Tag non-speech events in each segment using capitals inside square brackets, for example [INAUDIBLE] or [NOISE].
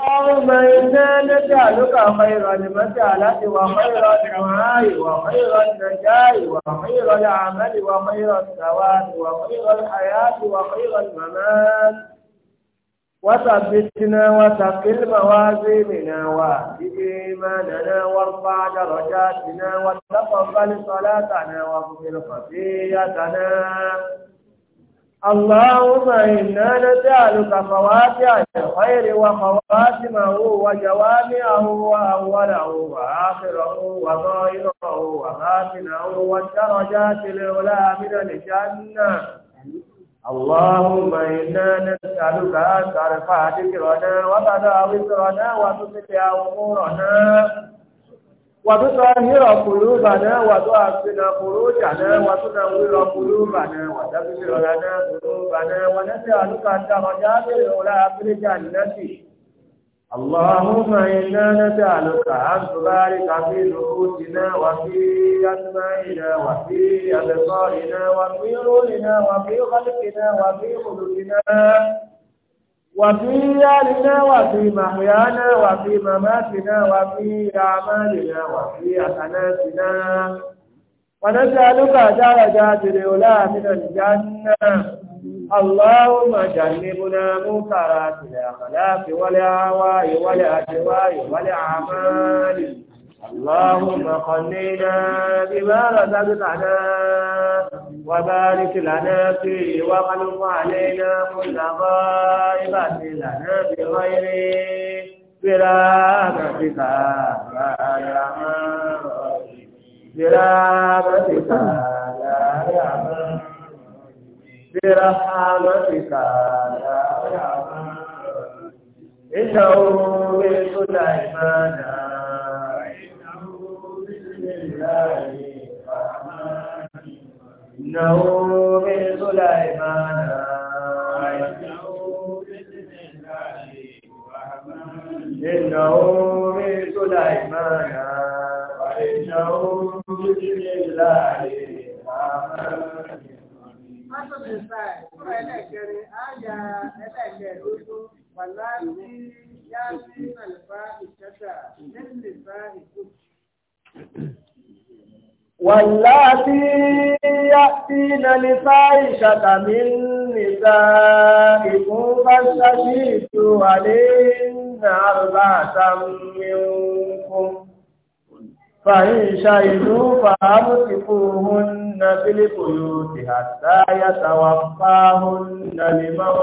اللهم إنا نجعلك خير المسألة وخير الدعاء وخير النجاة وخير العمل وخير الثواب وخير الحياة وخير الممات وثبتنا وثقل موازيننا واهد إيماننا وارفع درجاتنا وتقبل صلاتنا واغفر خطيئتنا اللهم إنا نسألك فواتح الخير وخواتمه وجوامعه وأوله وآخره وظاهره وباطنه والدرجات العلى من الجنة اللهم إنا نسألك أن ترفع ذكرنا وتدع وزرنا وتصلح أمورنا وتطهر قلوبنا وتعفنا خروجنا وتنور قلوبنا وتغفر لنا ذنوبنا ونسألك الدرجات الأولى في الجنة اللهم إنا نسألك أن تبارك في نفوسنا وفي أسمائنا وفي أبصارنا وفي رؤنا وفي خلقنا وفي خلقنا وفي دارنا وفي محيانا وفي مماتنا وفي أعمالنا وفي حسناتنا ونسألك درجات الأولى من الجنة اللهم جنبنا منكرات الأخلاق والأهواء والأجواء والأعمال اللهم قنينا بما رزقتنا وبارك لنا فيه وخلق علينا كل غائبة لنا بغير برحمتك يا برحمتك يا برحمتك يا إنه من سليمان إنه من سليمان إنه من سليمان واللاتي يأتين الفاحشة من نسائكم فاستشهدوا عليهن أربعة منكم فإن شهدوا فأمسكوهن في البيوت حتى يتوفاهن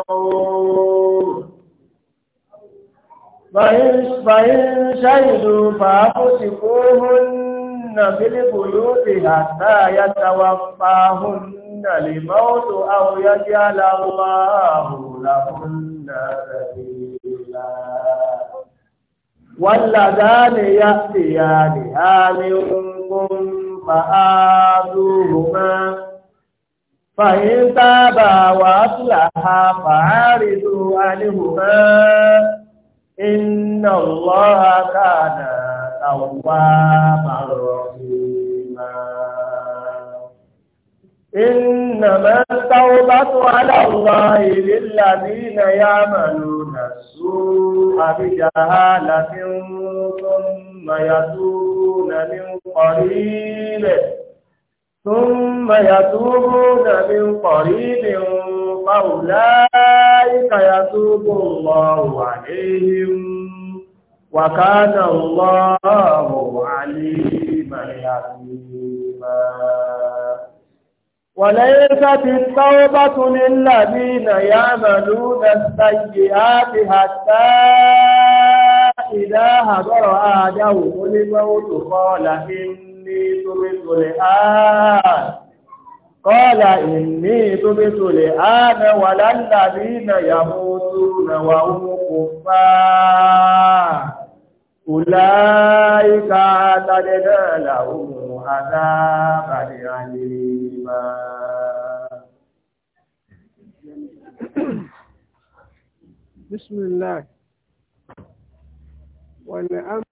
الموت فإن شهدوا فأمسكوهن يسكنن في البيوت حتى يتوفاهن الموت أو يجعل الله لهن سبيلا واللذان يأتيانها منكم فآذوهما فإن تابا وأصلحا فعارضوا عنهما إن الله كان توابا رحيما إنما التوبة على الله للذين يعملون السوء بجهالة ثم يتوبون من قريب ثم يتوبون من قريب فأولئك يتوب الله عليهم وكان الله عليما حكيما وليست التوبة للذين يعملون السيئات حتى إذا حضر أحدهم الموت قال إني تبت الآن قال إني تبت الآن ولا الذين يموتون وهم كفار أولئك أعتدنا لهم عذابا أليما بسم الله والأمر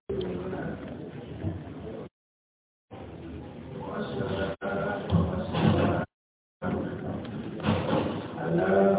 والسلام والسلام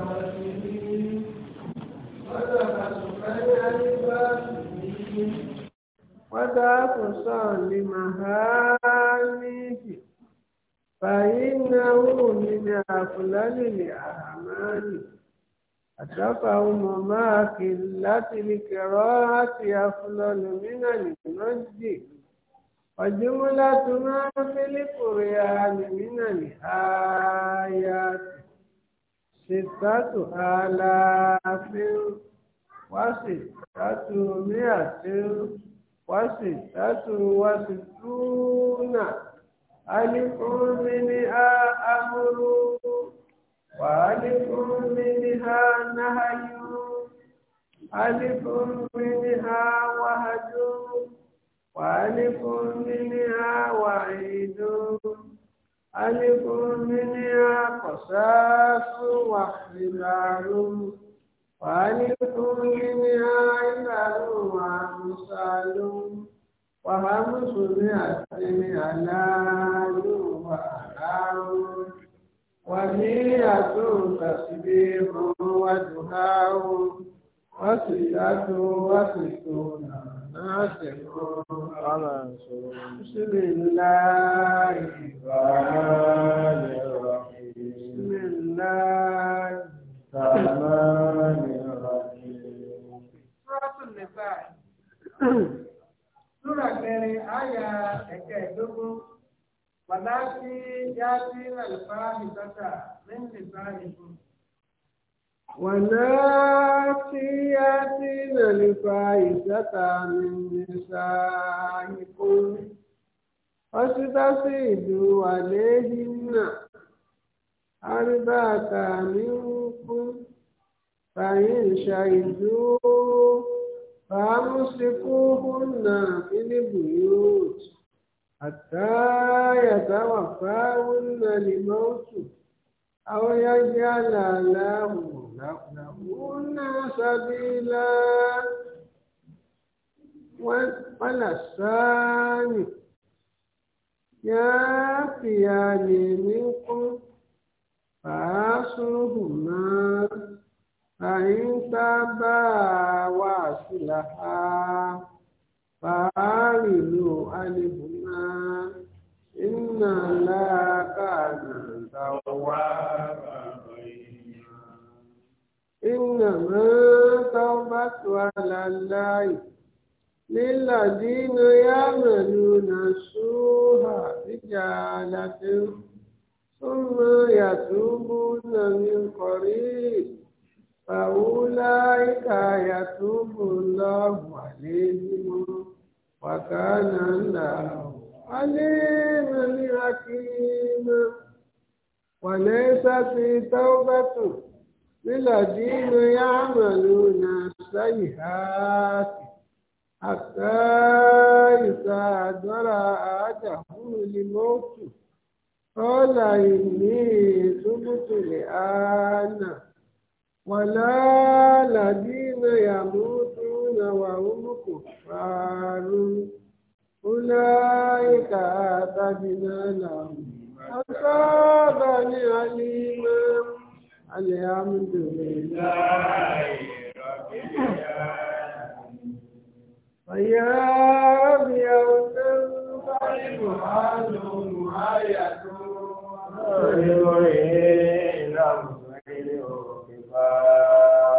تقصى لمهامه فإنه من أفلل الأعمال أتفهم ما قلة الكراهة أفلل من المجد وجملة ما في القرآن من الآيات ستة آلاف وستة مئة wasi tatu wasi tuna alikumini a amuru wa alikumini ha nahayu alikumini ha wahadu wa alikumini ha waidu alikumini ha kosasu wa khilaru wa alikumini ha ní àti aláàlú wà láàrú wà ní àtò tàbí mú wà dùnáwó wọ́n sì yàtò wọ́n sì tó náà sì mú ọ̀rọ̀ sọ̀rọ̀ sílẹ̀ láì ìbáraẹ̀ rọ̀ sílẹ̀ láì ìbáraẹ̀ Súrà kẹrin àyà ẹ̀kẹ́ ìdógún. Wàlá sí yá sí àlùfáàmì sọ́tà lẹ́yìn ìfáàmì fún. Wàlá sí yá sí àlùfáàmì sọ́tà lẹ́yìn ìfáàmì fún. Ọsítọ́sí ìlú àléhìnnà. Àríbáàkà ní ń kú. Fàyín ṣàìdúró. فأمسكوهن في البيوت حتى يتوفاهن الموت أو يجعل له لهن سبيلا ولا الثاني يعفيان منكم فأصلهما àyíká bá wà sílá á fàárì ló alìbùnà iná lákàánà tàwa iná mọ́tò bá tó aláláì lílàdínà yàmẹ̀lúnà ṣúhà ìjà àlàtẹ́ ثم يتوبون من قريب فأولئك يتوب الله عليهم وكان الله عليما حكيما وليست التوبة للذين يعملون السيئات حتى إذا درى أحدهم الموت قال إني تبت الآن ولا الذين يموتون وهم كفار أولئك أعتدنا لهم عذابا أليما الحمد لله رب العالمين فيا أبيض فالمحال معاية خير إلى الله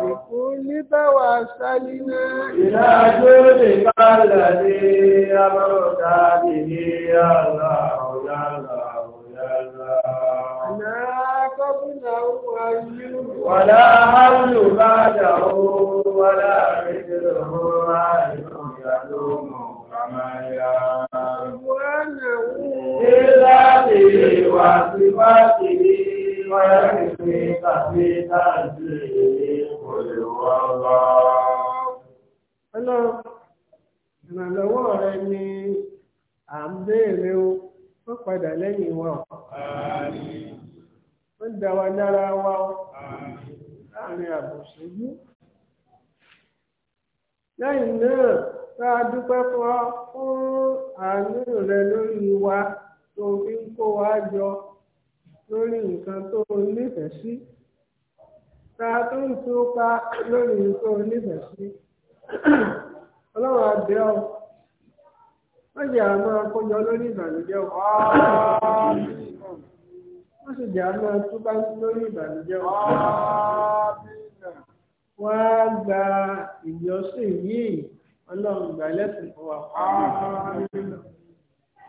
لكل بواسلنا إلى جود الذي أمرت به يا الله يا الله يا الله لا قبله ولا حل بعده ولا مثله عالم يلوم كما يعلم إلا به وصفاته Hello. ìrànlọ́wọ́ rẹ ni à ń béèrè o wọ́n padà lẹ́yìn wa o wọ́n dá wa dára wa o láàrin àbòsójú lẹ́yìn náà tá a dúpẹ́ fún àánú rẹ lórí wa tó fi ń kó wa jọ lórí nǹkan tó nífẹ̀ẹ́ sí ká tó ń túká lórí nǹkan tó nífẹ̀ẹ́ sí ọlọ́run àbẹ́ ọ wọ́n jẹ́ àwọn máa kójọ lórí ìbànújẹ́ ọ wọ́n sì jẹ́ àwọn máa túbá lórí ìbànújẹ́ ọ wọ́n á gba ìjọsìn yìí ọlọ́run gbà lẹ́sìn fún wa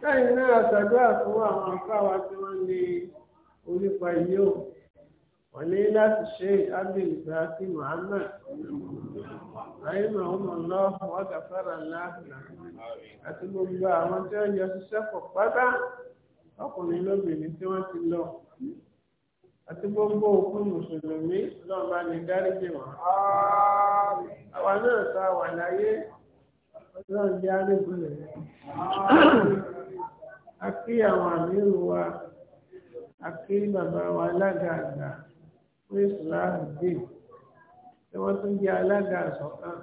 lẹ́yìn náà ṣàdúrà fún àwọn afáwa tí wọ́n lè. onípa iye ò wọ́n ní láti ṣe abdulsa sí muhammad rahim ahumala wàgàfàrà láàbùlà àti gbogbo àwọn tí wọ́n yọ ṣiṣẹ́ pọ̀ pátá ọkùnrin lóbìnrin tí wọ́n ti lọ àti gbogbo òkú mùsùlùmí lọ́ọ́ bá ní dáríjì wọn. àwa náà ta wà láyé ọlọ́run jẹ́ rẹ̀. a kí àwọn àmì wa. àti bàbá wa alága àgbà fún ìsìláàmù dìé tí wọ́n tún jẹ́ alága àsọ̀kan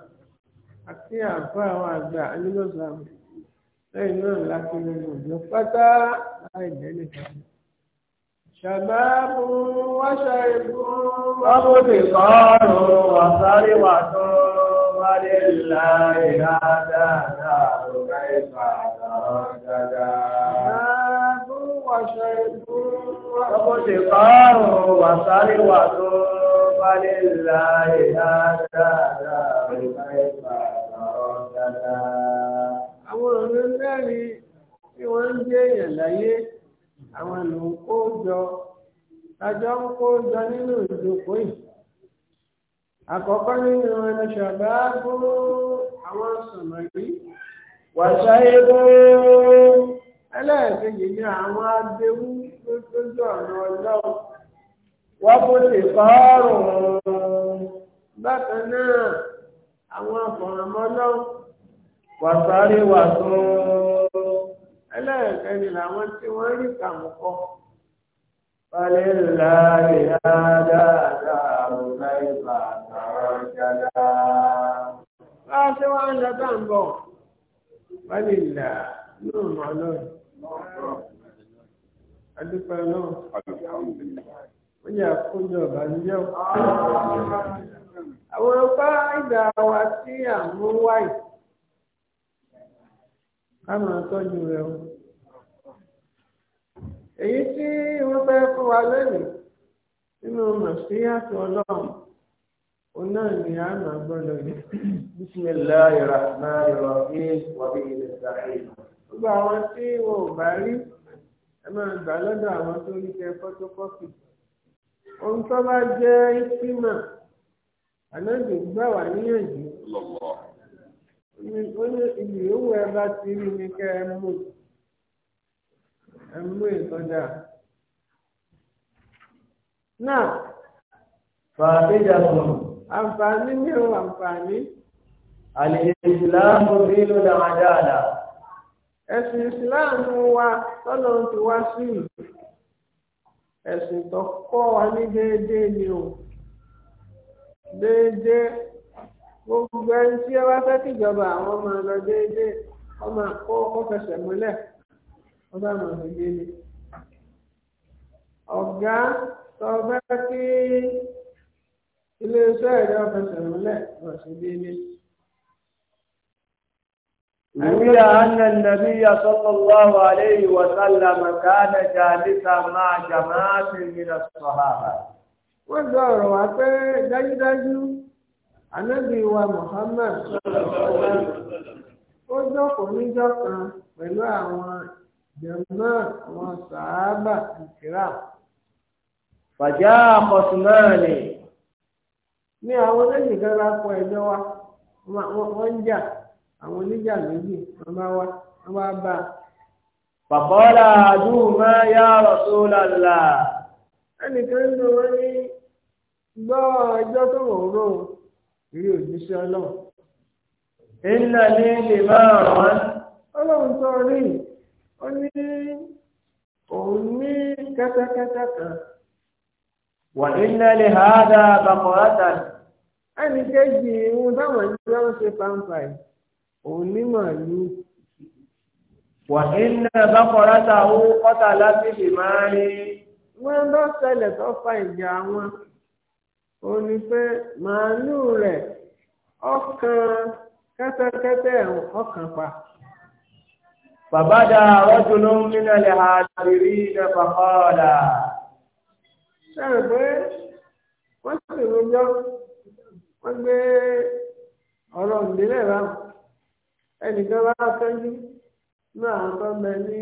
àti àfa àwọn àgbà alílọ́sàmù lẹ́yìn náà láti nínú ìjọ pátá láì jẹ́lẹ̀ kan. Ṣàbábù wáṣà ìbú wábù ti kọ́rùn wàsárí wà tó wálé láì وابتغاء وصلوة فلله آثار àwọn ọ̀rẹ́ mẹ́rin tí wọ́n ń jẹ́ èèyàn láyé àwọn ló ń kó jọ àjọ ń kó jọ nínú ìjókòó yìí àkọ́kọ́ nínú ẹni ṣọ̀dá fún àwọn sọ̀mọ̀ yìí wàṣáyé fún ẹlẹ́ẹ̀kejì ni àwọn adéwú lójú ọ̀nà ọlọ́run wọ́n bó lè fọ́ọ̀rùn bákan náà àwọn afọ̀rànmọ́lọ́ wàsáre wàsó ẹlẹ́ẹ̀kẹ́ni làwọn tí wọ́n rí kàmùkọ́ balẹ̀ láàrin dáadáa àbúrò ìbà àtàwọn ìjàdá. bá a ṣe wá ń lọ tá ń bọ̀ wọ́n lè là yóò adúpẹ́ náà wọ́n yà kójọ ìbànújẹ́ àwọn ọba ìgbà wa tí à ń mú wáyé ká máa tọ́jú rẹ̀ o èyí tí wọ́n fẹ́ fún wa nínú ọlọ́run òun náà a máa gbogbo àwọn tí wọn ò bá rí ẹ máa gbà lọ́dọ̀ àwọn tó rí kẹ fọ́tọ́kọ́pì ohun tó bá jẹ́ ìpínmọ̀ ànágbè gbà wá níyànjú ó ní ìlú bá ti rí ni kẹ ẹ mú ẹ mú ìtọ́jà náà. Fàdéjà sọ̀rọ̀. Àǹfààní mi ò àǹfààní. Àlè ìsìlámù bí ló dáadáa. esi ìsìláàmù wa tọ́lọ́ ti wá sí ẹ̀sìn tó kọ́ wa ní déédéé ni o déédéé gbogbo ẹni tí ẹ bá fẹ́ kíjọba àwọn máa lọ déédéé wọ́n máa kọ́ múlẹ̀ wọ́n bá máa lọ ọ̀gá kí iléeṣẹ́ múlẹ̀ lọ sí روي أن النبي صلى الله عليه وسلم كان جالسا مع جماعة من الصحابة وزاروا أبي دجدج النبي ومحمد صلى الله عليه وسلم وزاروا من جاكا ولو جماعة وصحابة الكرام فجاء خصمان ni àwọn lẹ́yìn kan rápọ̀ ẹjọ́ wa wọ́n ń jà àwọn oníjà méjì wọn bá wá wọn bá bá a. Fàkọ́lá àdúgbò yá Rasulullah. Ẹnìkan ń lò wọ́n ní gbọ́ ẹjọ́ tó wọ̀ rò rí òjíṣẹ́ ọlọ́run. Iná ní lè máa rán. Ọlọ́run tó rí ó ní òun ní kẹ́tẹ́kẹ́tẹ́ kan. Wà iná lè há dáa bàkọ̀ látàrí. Ẹnì kejì ohun ń ṣe pàǹpà yìí òun ní màálù wà nínú bákọ̀rá ta ó kọ́ta lábìlì máa ń wọ́n bá ṣẹlẹ̀ tó fa ìjà wọn ó ní pé màálù rẹ̀ ọkàn kẹ́tẹ́kẹ́tẹ́ ọkàn pa. Bàbádà rọ́jùlọ́ nínú ilẹ̀ àdìrí ilẹ̀ bàbáàdà. Sẹ́rẹ̀ pé wọ́n sì rojọ́, wọ́n gbé ọ̀rọ̀ ìdílé ráhùn. ẹnìkan wá kẹ́jú ní àwọn tó ń bẹ ní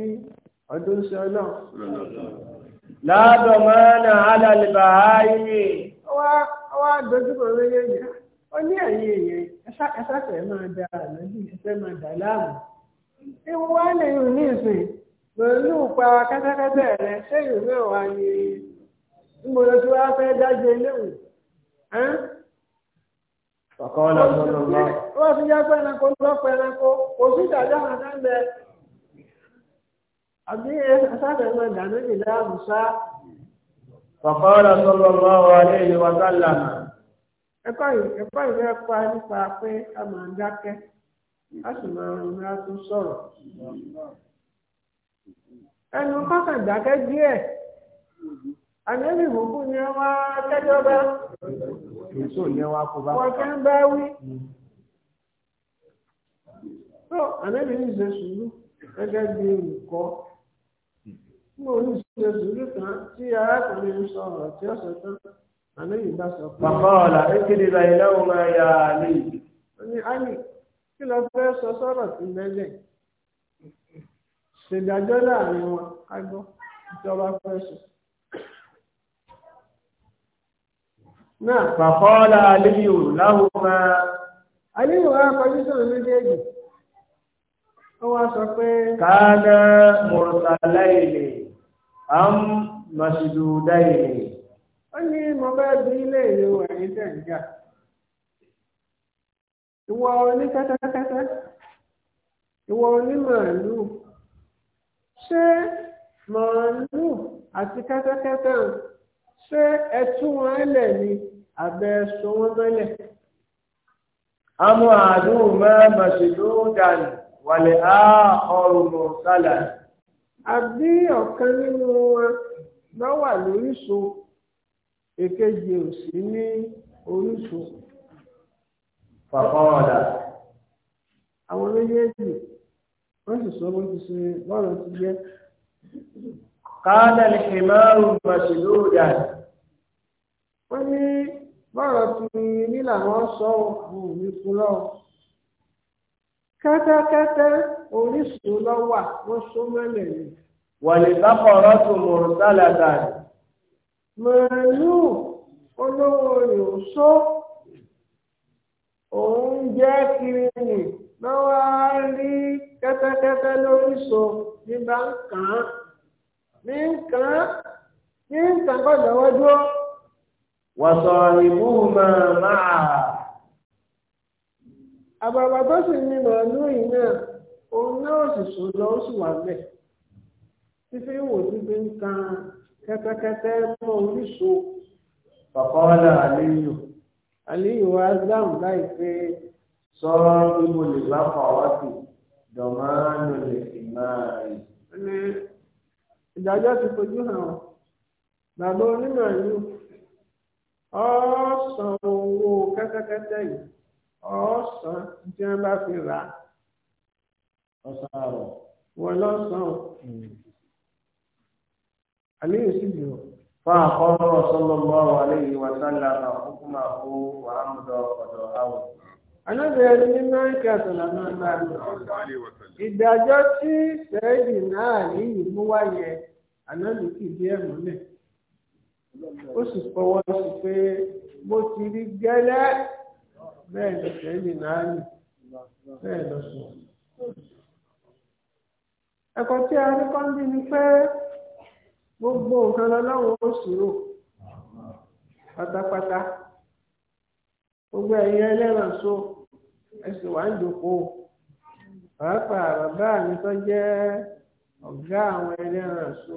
ọdún sí ọlọ́run. láàbọ̀ Ọ wá wá dojúkọ méjèèjì ó ní máa da máa dà láàmú. ìwọ́n wá lè rìn ní ìsìn pẹ̀lú pa kẹ́tẹ́kẹ́tẹ́ rẹ ṣé náà wá ní ìmọ̀lẹ́tí wá fẹ́ dájú Ọ̀kọ́lá ọ̀gbọ́n ọ̀gbọ́n. Wọ́n fi yá pẹ́ranko lọ́pọ̀ ẹranko, kò sí ìdájọ́ àwọn àdáńbẹ̀. Àbí asáfẹ́mọ̀ ìdáná lè láàbù sá. Ọ̀kọ́lá sallallahu alaihi wa sallam. Ẹ̀kọ́ ìfẹ́ pa nípa pé a máa ń dákẹ́, a sì máa ń rán tó sọ̀rọ̀. Ẹnu kọ́kàn dákẹ́ díẹ̀. Àmì ẹ̀mí ìhùnkù ni wọ́n wá kẹ́jọ́ bá èso ní wá kó bá. wọ́n fẹ́ ń bá wí. tó ànábì ní ìṣe sùúrù gẹ́gẹ́ bí olùkọ́ mo ní ìṣe sùúrù kan tí arákùnrin ń sọ ọ̀rọ̀ tí ó sọ tán ànábì bá sọ pé. bàbá ọ̀la kékeré la iná máa ya àlè. ó ní àlè kí ló fẹ́ sọ sọ́rọ̀ sí lẹ́lẹ̀ ṣèdájọ́ láàrin wọn ká gbọ́ ìjọba fẹ́ sọ. náà fàkọ́ọ́lá aléyò láwọn máa aléyò wá kọjú sọ̀rọ̀ méjèèjì ó wá sọ pé káàdá mọ̀rọ̀tàlá ilé àm màṣìdúdá ilé ó ní mo bá bí ilé ìlú ẹ̀yìn tẹ̀gbà ìwọ oní kẹ́tẹ́kẹ́tẹ́ ìwọ oní màálù ṣé màálù àti kẹ́tẹ́kẹ́tẹ́ ṣé ẹ tú wọn lẹ̀ ni àbẹ sọ wọn mẹ́lẹ̀. amú àdúrà máa ma ṣe ló dànù wàlẹ̀ á ọrùn mọ̀ sálà. àbí ọ̀kan nínú wọn lọ wà lóríṣun èkejì ò sí ní oríṣun. fàkọ́ọ̀dà. àwọn méjèèjì wọ́n sì sọ bó ti ṣe bọ́ọ̀lù ti jẹ́. قال الحمار مشدودا wọ́n ní bọ́ọ̀rọ̀ ti ní làwọn sọ àwọn òní fún lọ kẹ́tẹ́kẹ́tẹ́ oríṣìí lọ wà wọ́n sọ mẹ́lẹ̀ ni. wọ̀lì sáfọ̀rọ̀ tó mọ̀rọ̀ sálàdà. màálù olówó rẹ̀ ò sọ òun jẹ́ kiri nì lọ́wọ́ á rí kẹ́tẹ́kẹ́tẹ́ lóríṣọ ní kàn án ní kàn án ní kàn án gbọ́dọ̀ wọ́n dúró wàsọ̀rìbùmà máa. àbàbà tó sì ní màálù yìí náà òun náà sì sùn lọ ó sì wà bẹ́ẹ̀ fífi wò síbi ń kan kẹ́tẹ́kẹ́tẹ́ mọ́ oríṣun. Fàkọ́lá Aliyu. Aliyu wa dáhùn láìpẹ́ sọ bí lè bá kọ̀ ọ́ dọ̀mánù lè fi máa rí. Ìdájọ́ ti fojú hàn. Bàbá onímọ̀ yìí ọ̀sán owó kẹ́tẹ́kẹ́tẹ́ yìí ọ̀sán tí wọ́n bá fi rà á ọ̀sán àrọ̀ wọ́n lọ́sàn-án àléyìn sí jù fún àkọ́rọ̀ sallallahu alayhi wa sallam àkókòmá kó wà á mú lọ ọ̀dọ̀ àwọ̀. alábẹ̀rẹ̀ ní mẹ́ríkà sọ̀lá náà náà ìdájọ́ tí sẹ́ẹ̀dì náà yìí mú wáyé àná lùkì díẹ̀ mọ́lẹ̀ ó sì fọwọ́ sí pé bó ti rí gẹ́lẹ́ bẹ́ẹ̀ ló tẹ̀lé náà nì bẹ́ẹ̀ ló sọ. ẹ̀kọ́ tí a rí kọ́ńbí ni pé gbogbo nǹkan lọ́lọ́run ó sì rò pátápátá gbogbo ẹ̀yin ẹlẹ́ran so ẹsẹ̀ wà ń dòkó pàápàá bàbá mi tó jẹ́ ọ̀gá àwọn ẹlẹ́ran so.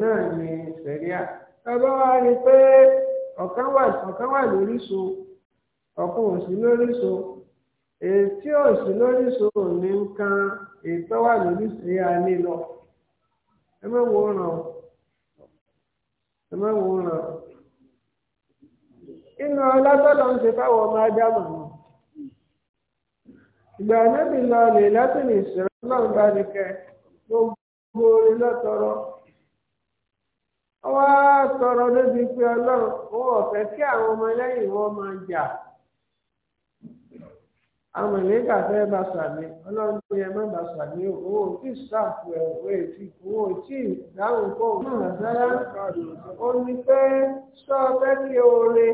náà ni sẹ̀ríà wá rí pé ọ̀kan wà lóríṣo ọ̀kan ò sí lóríṣo èyí ò sí so ní nǹkan ètò wà lóríṣo yà ní lọ ẹ má wo ràn ẹ má wo ràn inú ọlátọ́lọ́ ń ṣe fáwọn ọmọ ádámù náà ìgbà wá sọ̀rọ̀ lóbi pé ọlọ́run ó ọ̀fẹ́ kí àwọn ọmọ lẹ́yìn wọn máa jà àwọn ìlẹ́gà fẹ́ bá sàmì ọlọ́run tó yẹ má bá sàmì o owó tí sàfù ẹ̀ owó ètí owó tí ìdáhùn kó náà sára ó ní pé sọ fẹ́ kí oore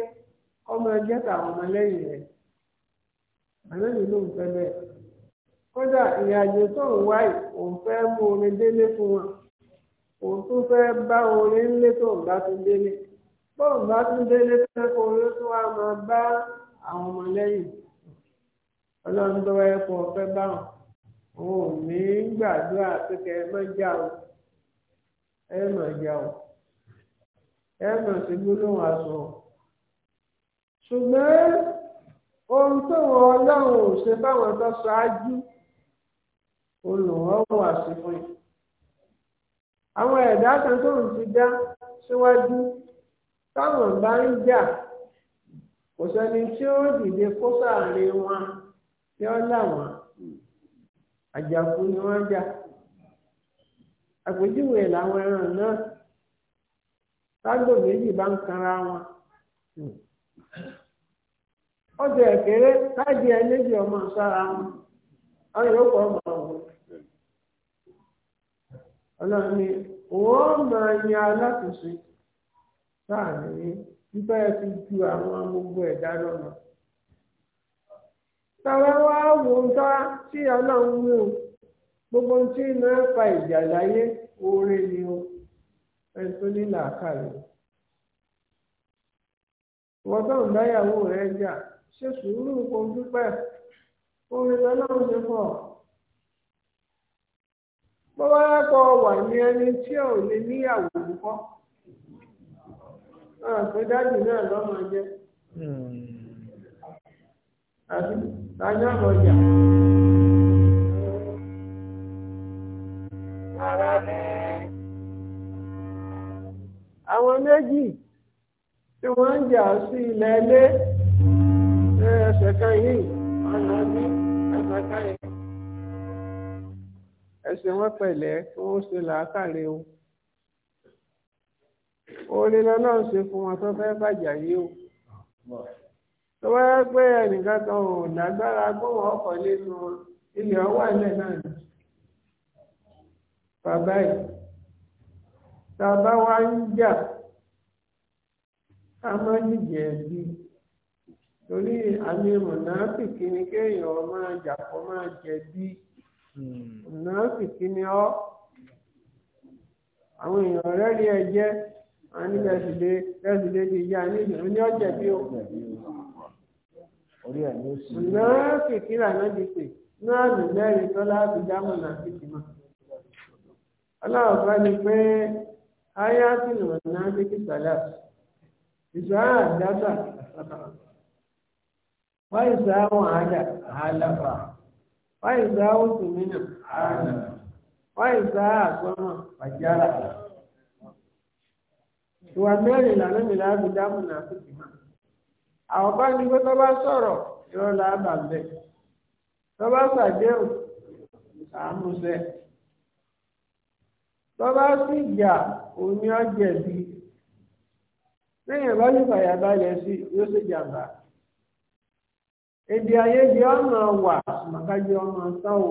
ọmọ ẹgbẹ́ tàwọn ọmọ lẹ́yìn rẹ̀ àná nínú nǹkan bẹ́ẹ̀ kódà ìrìnàjò tó ń wáyé òun fẹ́ mú orin délé fún wọn òun tún fẹ́ bá orin ńlé tó ń bá tún délé bóun bá tún délé tó kó orin tó wá máa bá àwọn ọmọlẹ́yìn ọlọ́run tó wáyé kó ọpẹ́ bá wọn òun ò ní gbàdúrà pé ẹ má já o ẹ má já o ẹ má sí gbólóhùn aṣọ ṣùgbọ́n ohun tó wọ ọlọ́run ò ṣe báwọn tó ṣáájú olùwọ́wọ́ àṣìfún yìí. àwọn ẹ̀dá kan tó ń ti dá síwájú táwọn bá ń jà kò sẹ́ni tí ó dìde kó sáàrin wọn tí ó láwọn àjàkú ni wọ́n jà àpèjúwe làwọn ẹran náà tágbò méjì bá ń kanra wọn ọjọ́ ẹ̀kẹ́rẹ́ káàdì ọmọ sára wọn pọ̀ ọmọ ọ̀hún. ọlọ́run ni òun máa yan alákòóso sáàánú yín nígbà tí ju àwọn gbogbo ẹ̀dá lọ́nà. tàbá wá wò ń tọ́ sí ọlọ́run wí o gbogbo tí iná fa ìjà láyé oore ni o ẹni tó ní làákàyè. wọ́n tó ń báyàwó rẹ̀ jà ṣe sùúrù kò dúpẹ́ orin lọ́lọ́run ti pọ̀. bọ́wọ́ kọ́ wà ní ẹni tí ò lè ní púpọ̀ àpé dájú náà lọ́mọ jẹ́ àti ọjà. àwọn méjì tí wọ́n ń jà sí ilẹ̀ ilé ẹsẹ̀ kan yìí ọ̀nà bí ẹsẹ̀ kan yìí. ẹ ṣe wọ́n pẹ̀lẹ́ kí wọ́n ṣe làákàrẹ o orí lọ́lọ́run ṣe fún wọn tó fẹ́ bàjá yìí o tó wáyé pé ẹnìkan kan ò lágbára gbóhùn ọkọ̀ nínú ilẹ̀ ọwọ́ ilẹ̀ náà bàbá yìí bàbá wa ń jà ká má nìjẹ́ bí torí àmì mọ̀nà pìkì kéèyàn máa jà kó máa jẹ bí. mùnàfíkì hmm. ni ọ, àwọn èèyàn rẹ̀ rí ẹ jẹ́ àní lẹ́sìlẹ̀ lẹ́sìlẹ̀ ti yá ní ìlú ní bí o. mùnàfíkì lànà ti pè náà lù mẹ́rin tó láti dá mùnàfíkì mọ́. ọlọ́run bá ní pé aya ti lọ náà ní kìsàlá ìṣọ́ àdábà wáyé sáwọn àdá àlàfà. wọ́n ìgbà oṣù mi nà wọ́n ìgbà àgbọ̀nà pàjára ìwà mẹ́rin ìlànà mi dáhùn náà tó ti máa àwọn bá ní pé tó bá sọ̀rọ̀ irọ́ làbà tó bá ṣàdéhùn àmúṣẹ tó bá sì jà sí èdè ayédè ọmọ wà màkàjẹ ọmọ sáwọ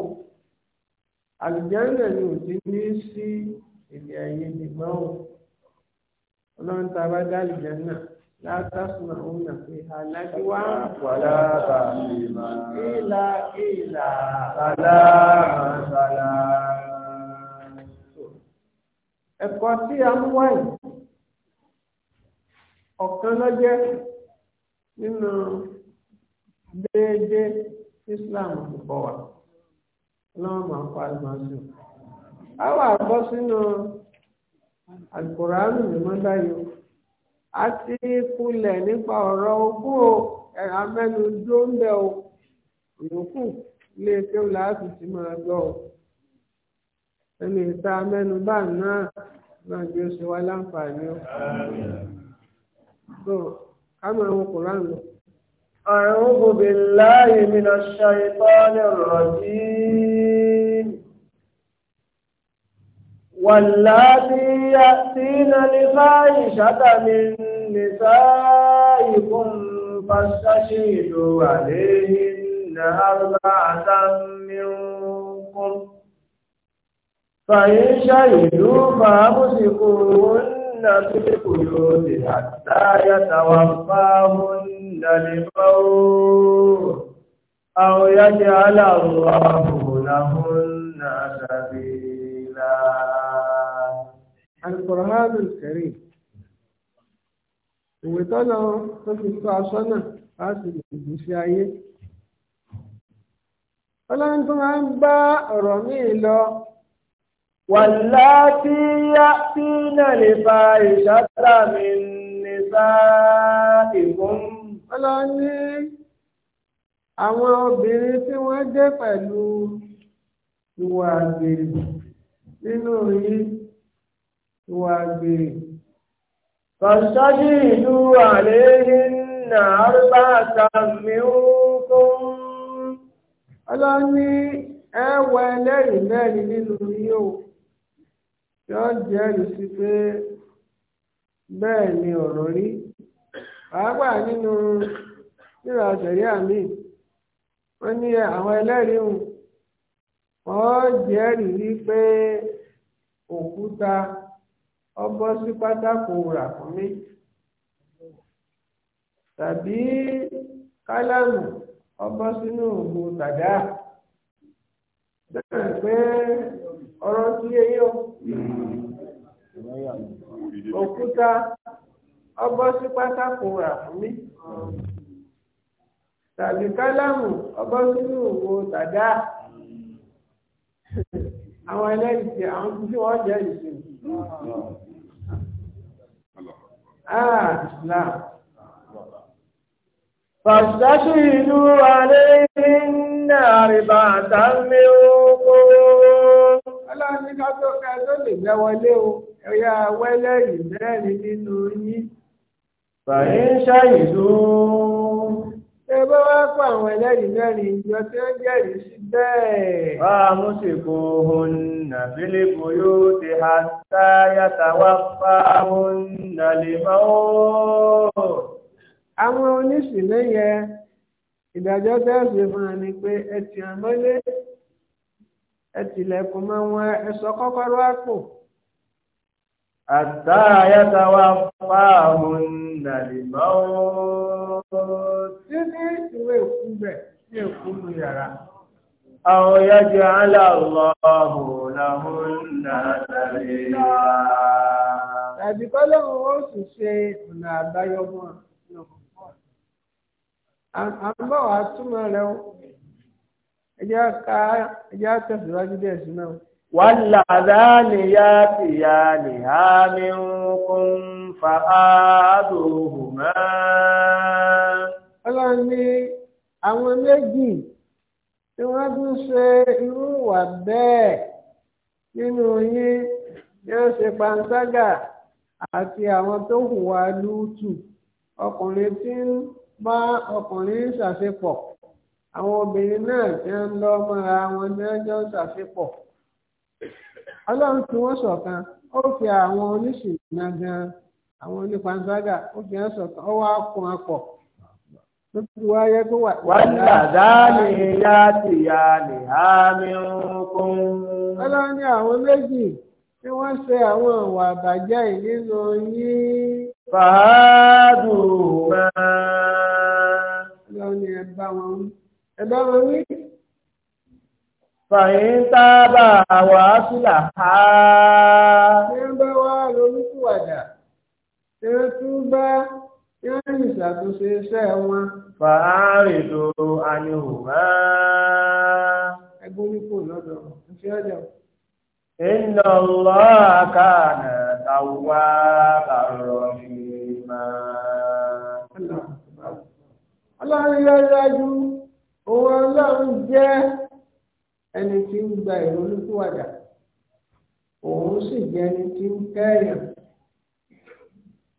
àlùjẹ́rìnlẹ̀ ni ò ti ní sí èdè ayédè gbọ́wọ́ ọlọ́run tá a bá dá àlùjẹ́rìnlẹ̀ látàsùn àwọn nàfẹ́ alágbèwá wàlá bàbá ìlà ìlà sàlá sàlá. ẹ̀kọ́ tí a ń wáyé ọ̀kan lọ́jẹ́ nínú. déédé Islam je islam wa ọlọ́run máa ń a wà bọ́ sínú alukóránù ní mọ́tà a ti nípa ọrọ o ẹ̀rọ amẹ́nu dúró ń bẹ̀ ti máa gbọ o ẹnu ìta amẹ́nu bá náà náà bí ó ṣe أعوذ بالله من الشيطان الرجيم واللاتي يأتين الفاحشة من نسائكم فاستشهدوا عليهن أربعة منكم فإن شهدوا فأمسكوهن في البيوت حتى يتوفاهن عند الموت أو يجعل الله لهن سبيلا القرآن الكريم ìwé tọ́nà tó fi tọ́ aṣọ́nà láti ìgbésí ayé ọlọ́run tó máa ń bá ọ̀rọ̀ míì lọ wàláàtí yá sí náà lè fa ìṣàtàmì nìsáà ìgbóhùn ọlọ́ní àwọn obìnrin tí wọ́n dé pẹ̀lú ìwà àgbèrè nínú yìí ìwà àgbèrè. Kọ̀sọ́dí ìlú àléhìn náà arúgbá àtàmíhùnkún. Ọlọ́ní ẹwà ẹlẹ́rìí mẹ́rin nínú yóò yọ jẹ́rìí sí pé bẹ́ẹ̀ ni ọ̀rọ̀ rí pàápàá nínú síra sẹ̀ríà mi wọ́n ní àwọn ẹlẹ́rìí hùn wọ́n jẹ́rìí wípé òkúta ọbọ̀ sí pátákó ràkúnmí tàbí kálámù ọbọ̀ sínú òògùn tàdá bẹ́ẹ̀ pé ọ̀rọ̀ tí eyín o òkúta ọbọ̀ sí pátákó rà fún mi tàbí kálámù ọbọ̀ sínú òwò tàdá àwọn ẹlẹ́yìn tí àwọn tí wọ́n jẹ́ ìsìn. Ah, Fàṣáṣù ìlú alẹ́ ní àrìbà àtàmì ogun. Ọlọ́run ní ká tó ká tó lè gbẹ́ wọlé o, ẹ̀yà wẹ́lẹ́ ìbẹ́ẹ̀ni nínú yín fàyè ń ṣàyèdú. ẹ bá wá pa àwọn ẹlẹ́rìí mẹ́rin ìjọ tí ó jẹ́rìí sí bẹ́ẹ̀. wá a mú sí kò hun nà fílípù yóò ti ha táyàtà wá pa hun nà lè mọ́ ó. àwọn oníṣìlẹ̀ yẹ ìdájọ́ tẹ́sí fún ẹni pé ẹ ti hàn mọ́lé ẹ tilẹ̀kùn mọ́ wọn ẹ sọ kọ́kọ́rọ́ àpò. àtàyàtà wá pa hun ìlàlè máa ń tí ní ìwé èkú bẹ̀ ní èkú ní yàrá. Àwọn yájú aláwọ̀ ọ̀hùnláhùnlá ó sì ṣe na àbáyọ mọ́. Àbọ̀ wàá túmọ̀ rẹ̀ ó. Ẹ tẹ̀síwájú díẹ̀ sí náà. واللذان ياتيانها منكم فآذوهما ọlọ́run ní àwọn méjì tí wọ́n tún ṣe irú wà bẹ́ẹ̀ nínú yín yóò ṣe panṣágà àti àwọn tó hùwà lúùtù ọkùnrin tí ń bá ọkùnrin ṣàṣepọ̀ àwọn obìnrin náà ti ń lọ́ mọ́ra wọn ní ọjọ́ ṣàṣepọ̀. ọlọ́run tí wọ́n ṣọ̀kan ó fi àwọn oníṣìnà gan àwọn onípanṣágà ó fi hàn ṣọ̀kan ó wá kun apọ̀ tó yẹ wà. ní àdáni ti ya mi kún. ọlọ́run ní àwọn méjì tí wọ́n ṣe àwọn àbàjẹ́ yìí nínú yín. fàádù ọlọ́run ní ẹ bá wọn ẹ fàyín tábà wà á sílà á. ṣé ń bá wá ronúkúwàdà ṣé ń tún bá ní ìṣàtúnṣe iṣẹ́ wọn. fàárì lo àníhùmá. ẹgbẹ́ onípò lọ́dọ̀ ìṣe ọjà. inna Allaha kana tawwaban rahima. ọlọ́run yọ yájú òun ọlọ́run jẹ́. ẹni tí ń gba ìrònúkúwàdà òun sì jẹ́ ẹni tí ń kẹ́yàn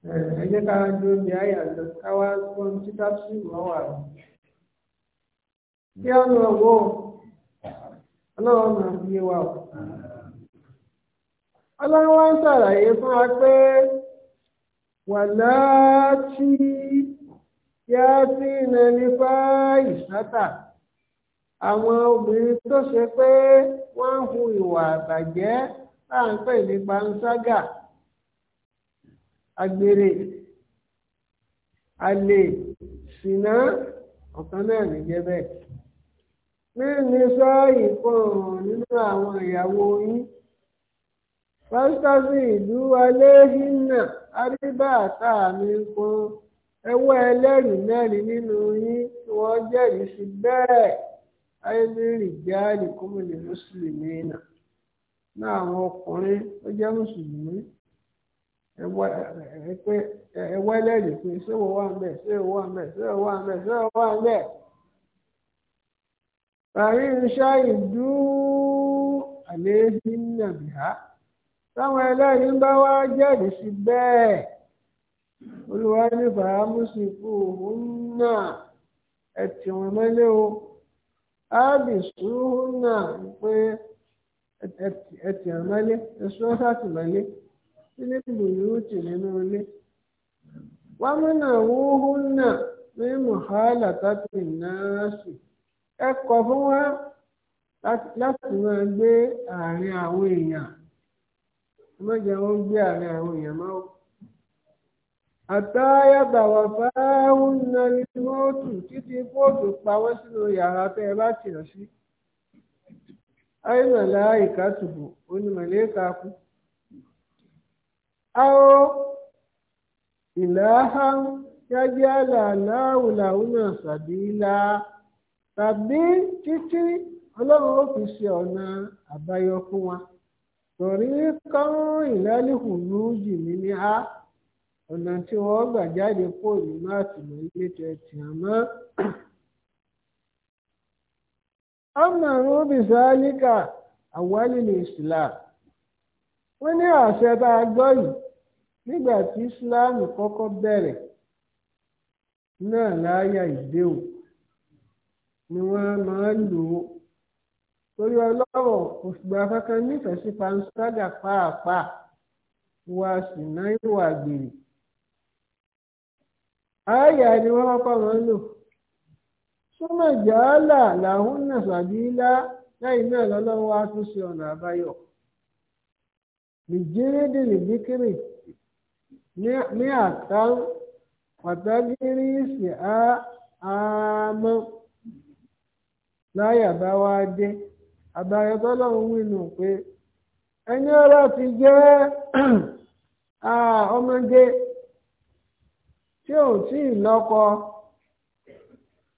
ẹ jẹ́ ká dúró di àyà lọ ká wá títà sí ìmọ̀wà rẹ̀ kí ọ̀nà owó ọlọ́run máa fi yé wa o ọlọ́run wá ń ṣàlàyé fún wa pé yá sí àwọn obìnrin tó ṣe pé wọ́n ń hu ìwà àbàjẹ́ tá à ń pè ní panṣágà agbèrè àlè ṣìnà ọ̀kan náà nìjẹ́ bẹ́ẹ̀. mímí sọ ìkọrùn nínú àwọn ìyàwó yín pásítọ́sì ìlú aléhìnà àríbá àtàmì kan ẹwọ́ ẹlẹ́rìí mẹ́rin nínú yín wọ́n jẹ́rìí sí bẹ́ẹ̀ ayélujára jáde kúmìlì mùsùlùmí náà náà àwọn ọkùnrin tó jẹ́ mùsùlùmí ẹ wá ẹlẹ́rìí pé ṣé wọ́n wà ń bẹ̀ ṣé wọ́n wà ń bẹ̀ ṣé wọ́n wà ń bẹ̀ ṣé wọ́n wà ń bẹ̀. Bàrí iṣẹ́ ìdú àléhìn nàbìhá. Táwọn ẹlẹ́rìí bá wá jẹ́rìí sí bẹ́ẹ̀. Olúwa ní fàámù sí fún òun náà. Ẹ tì mọ́lé o. ábìsúhùnà pé ẹtì àmọ́lé eti sátìmọ́lé sílé bùrúùtì nínú ilé. wámúnà wúhùnà ní mùhálà tàbí náàsì ẹ kọ̀ fún wa láti máa gbé àárín àwọn èèyàn lati má jẹ́ wọ́n gbé àárín àwọn èèyàn máa àtàyàbà wà fáwọn nàlẹ mọ́tò títí kóòtù pa wọ́n sínú yàrá tẹ́ ẹ bá tìrọ sí àyìnbá láàyíká tùbù onímọ̀lẹ́ka kú. àwọ ìlàhà yájẹ́ àlàáhùn làwọn náà sàbílà tàbí títí ọlọ́run ó fi ṣe ọ̀nà àbáyọ fún wa. torí kọ́rùn ìlàlíhùn lóòjì mi ní a ọ̀nà tí wọ́n gbà jáde kó nínú àtìmọ́lé tó ti hàn mọ́. ọ̀nà rúbì sáálíkà àwálì ní islam wọ́n ní àṣẹ tá a gbọ́ yìí nígbà tí islam kọ́kọ́ bẹ̀rẹ̀ náà láyà ìdéhùn ni wọ́n máa ń lò ó torí ọlọ́rọ̀ kò fìgbà kankan nífẹ̀ẹ́ sí panṣágà pàápàá wá sí náírà gbèrè. àyà ni wọ́n kọ́kọ́ wọn lò súnmọ́ jàálà làwọn náà sàbílá lẹ́yìn náà lọ́lọ́wọ́ á tún ṣe ọ̀nà àbáyọ. nìjírídì nìjíkìrì ní àtàn pàtàkìrìsì àmọ́ láyà bá wá dé àbáyọ tọ́lọ́run wí pé ẹni [CLEARS THROAT] tí ò tí ì lọ́kọ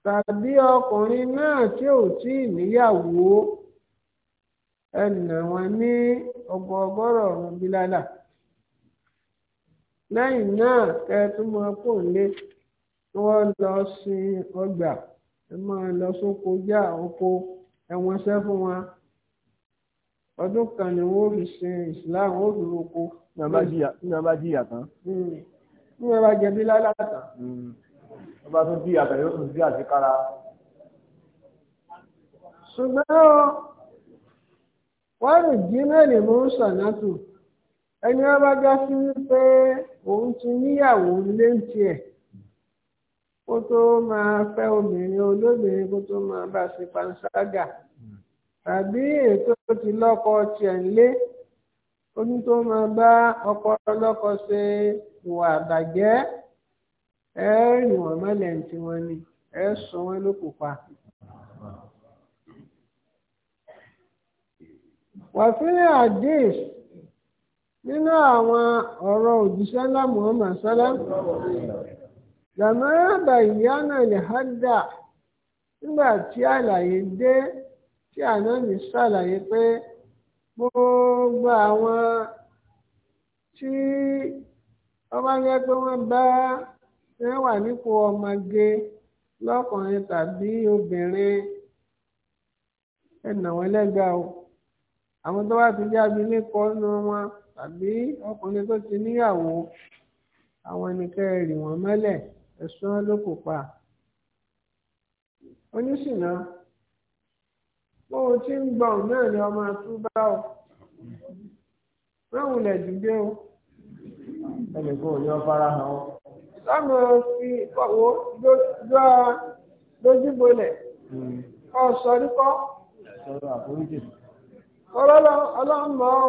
tàbí ọkùnrin náà tí ò tí ì níyàwó ẹnà wọn ní ọgọọgọrọ ọrùn bílálà lẹ́yìn náà kẹtùmọ kò lé kí wọn lọ sin ọgbà ẹ máa lọ sóko já oko ẹwọn ṣẹ fún wọn ọdún kan ni wọn ò fi sin Islam wọn ò fi ní abájíyà tán. Hmm ní wọn bá jẹ bí lálàtà hmm. wọn bá tún bí àtàlẹ́ ó tún bí àṣekára. ṣùgbọ́n wọ́n rìn jí mẹ́rin mú sànátù ẹni wọn bá já sí wípé òun ti níyàwó lé ń tiẹ̀ kó tó máa fẹ́ obìnrin olóbìnrin kó tó máa bá ṣe panṣágà hmm. tàbí ètò ti lọ́kọ tiẹ̀ ń lé ojú tó máa bá ọkọ ọlọ́kọ ṣe ìwà àbàjẹ́ ẹ rìn wọ́n mọ́lẹ̀ tí wọ́n ní ẹ sọ wọ́n ló kò pa. wàfíìlì àdéhùn nínú àwọn ọ̀rọ̀ òjíṣẹ́ lámùhàn sálá làmọ́ràbà ìyáná lè hádà nígbà tí àlàyé dé tí àná mi ṣàlàyé pé. gbogbo àwọn tí wọ́n bá yẹ pé wọ́n bá wọ́n wà nípò ọmọge lọ́kùnrin tàbí obìnrin ẹnà wọn lẹ́gà o àwọn tó bá ti jáde lẹ́kọ̀ọ́ nù wọn tàbí ọkùnrin tó ti níyàwó àwọn ẹnikẹ́ rì wọ́n mọ́lẹ̀ ẹ̀sùn ló kò pa oníṣìnà. bó o ti ń gbọ́ òun náà ni ọmọ tó bá o lóhùn lẹ̀ dìde o. ẹnìkan ò ní ọ hàn ọ. sọ́nà fi ọ̀wọ́ lójúbolẹ̀ hmm. ọ̀sọ̀ nípọ̀. sọ̀rọ̀ àforíjì. ọ̀rọ̀ ọlọ́run mọ́ o.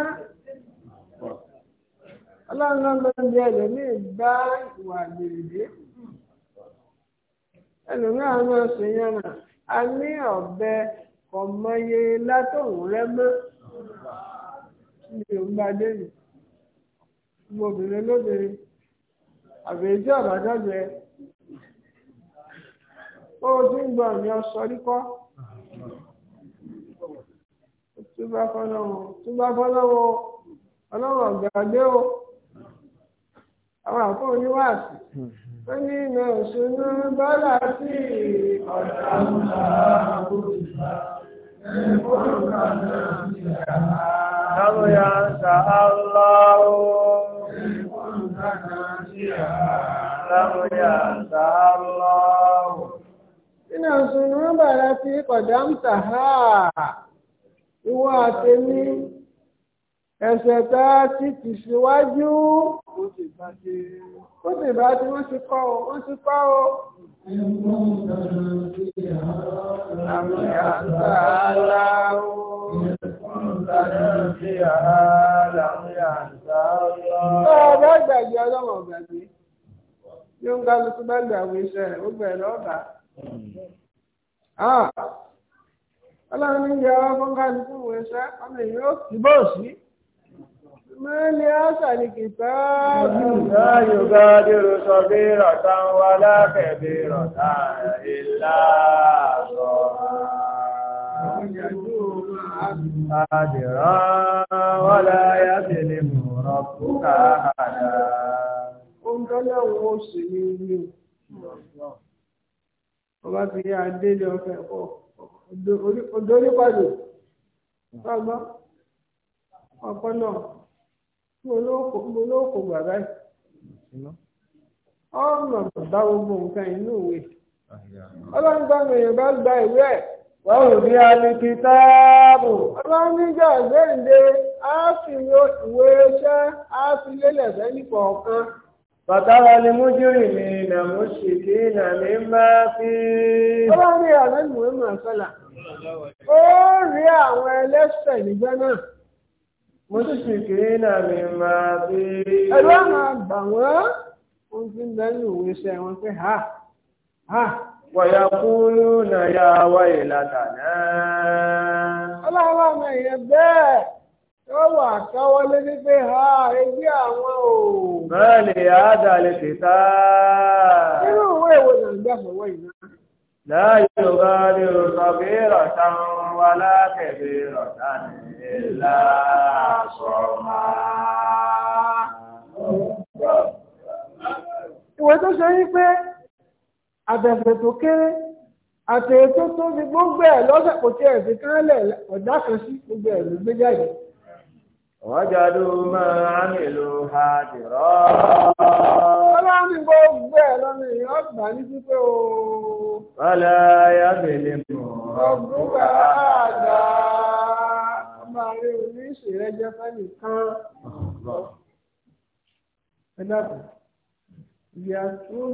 Ah, ọlọ́run ló ń lọ bí ẹlòmíì gbá ìwà àgbèrèdè ẹlòmíì àwọn ọ̀sìn yẹn nà á ní ọ̀bẹ kò mọye látòun rẹ mọ́ ní òǹgbà lẹ́nu mo obìnrin lóbìnrin àbèjì ọ̀bàdàgbẹ́ ó tún gbọ́ ọ̀nì ọ̀sọ́ níkọ́ fọlọ́wọ́ túbá fọlọ́wọ́ ọlọ́wọ́ ọ̀gá lé o àwọn àpò oníwàásù ó hmm. ní iná òṣùnú bọ́lá sí ọ̀dà ńlá àbúrúgbà Lábúyá sa Allahu. Lábúyá sa Allahu. Iná òṣùnú bàrá sí ọ̀dà ń tàhá. Ìwọ́ àtẹ́mí ẹ̀sẹ̀ tá ti tì Ó sì bá tí wọ́n ti kọ́ o, wọ́n ti kọ́ o. Àmì àgbà aláwọ̀. Ọba gbàgbé ọlọ́wọ̀ gbàgbé. Yóò ń kálukú bá gbàgbé iṣẹ́ rẹ̀, ó gbẹ̀rẹ̀ ọ̀bà. Ọlọ́run ń yẹ ọkọ̀ kálukú wọ iṣẹ́, ọmọ èyí ó kì bóòsí. Mẹ́lì Ásàlì kìtà ìlà yóò dérò sọ bí rọ̀tà ń wá lákẹ̀bí rọ̀tà ìlà sọ. Àdìrá wọ́lá yá sí ni mú rọ̀kúkà àdá. Ó ń tọ́lẹ̀ wo sì ní ilé. Ọba ti yá délé ọkọ̀ ẹ̀kọ́. Odò onípàdé. Ọgbọ́n. Ọpọlọ mo lówó kò gbà báyìí ọ̀nà bá gbogbo nǹkan inú ìwé ọlọ́run gbà bá gba ìwé ẹ̀ wọ́n ò rí alìkí táàbù ọlọ́run nígbà gbẹ̀ǹde á fi ìwé iṣẹ́ á fi lélẹ̀ sẹ́yìn kọ̀ọ̀kan. Bàtàrà ni mú jírì mi nà mú sì kí nà mí máa fi. Ọlọ́run ní àlọ́ ìmọ̀ ìmọ̀ ọ̀sọ́là. Ó rí àwọn ẹlẹ́sẹ̀ nígbà náà. Motu tún mi máa fi. ẹ̀rọ àwọn àgbà wọ́n wọ́n ń bẹ́ẹ̀ lù wí sẹ́ wọn pé ha ha. wọ̀yà kúrú náà yá wáyé bẹ́ẹ̀ wà káwọlé ha àwọn o. bẹ́ẹ̀ lè ìwé Láyé ni òṣàbí ìlà sọ̀mà. tó ṣe yí pé àbẹ̀fẹ̀ tó kéré àti ètò tó fi gbogbo ẹ̀ lọ́sẹ̀ kò tí ẹ̀ fi ọ̀dá kan sí gbogbo ẹ̀ ló gbé jáde. Wajadu máa àmìlò ha dìrọ́. Ọlọ́run gbogbo ẹ̀ lọ́nà ìyá ọ̀gbà ní pípẹ́ o. Wọ́n lọ ayábẹ̀lẹ̀ mọ̀ ọ́n. Ọ̀gbùn bá a dáa. rí orí ìṣèrẹ́jẹ́ fẹ́mi kan ẹ dákun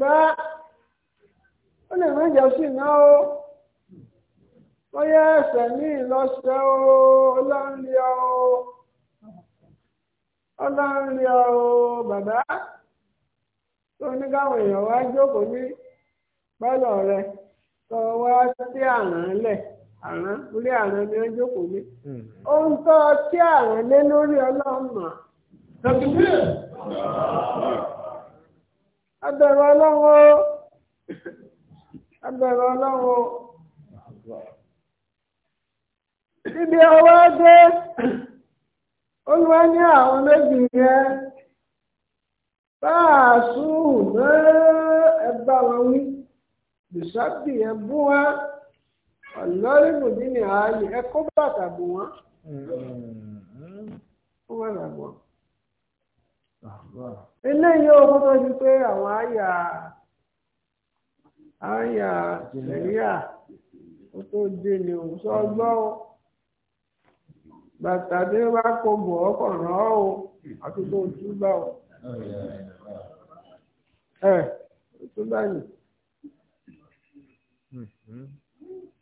ó lè mẹ́jọ sí iná o yẹ ẹsẹ̀ ní ìlọ́sẹ̀ o o ọlọ́nlẹ̀ o bàbá tó ní káwọn èèyàn wá jókòó ní pẹ́lọ̀ rẹ̀ tó wá lẹ̀. àrán orí àrán ni wọ́n jókòó lé hmm. ohun tó tí àrán lé lórí ọlọ́run mọ̀. abẹ̀rù ọlọ́wọ́ abẹ̀rù o níbi ọwọ́ dé olúwa ní àwọn méjì yẹn báàsù náà ẹ bá wọn wí bú ọlọ́rìmù ní ní ààyè ẹ kó bàtà bù wọ́n. Mm-hmm. eléyìí tó di pé àwọn àyà àyà sẹ̀ríà ó tó dé ní o bàtà tí rán o àti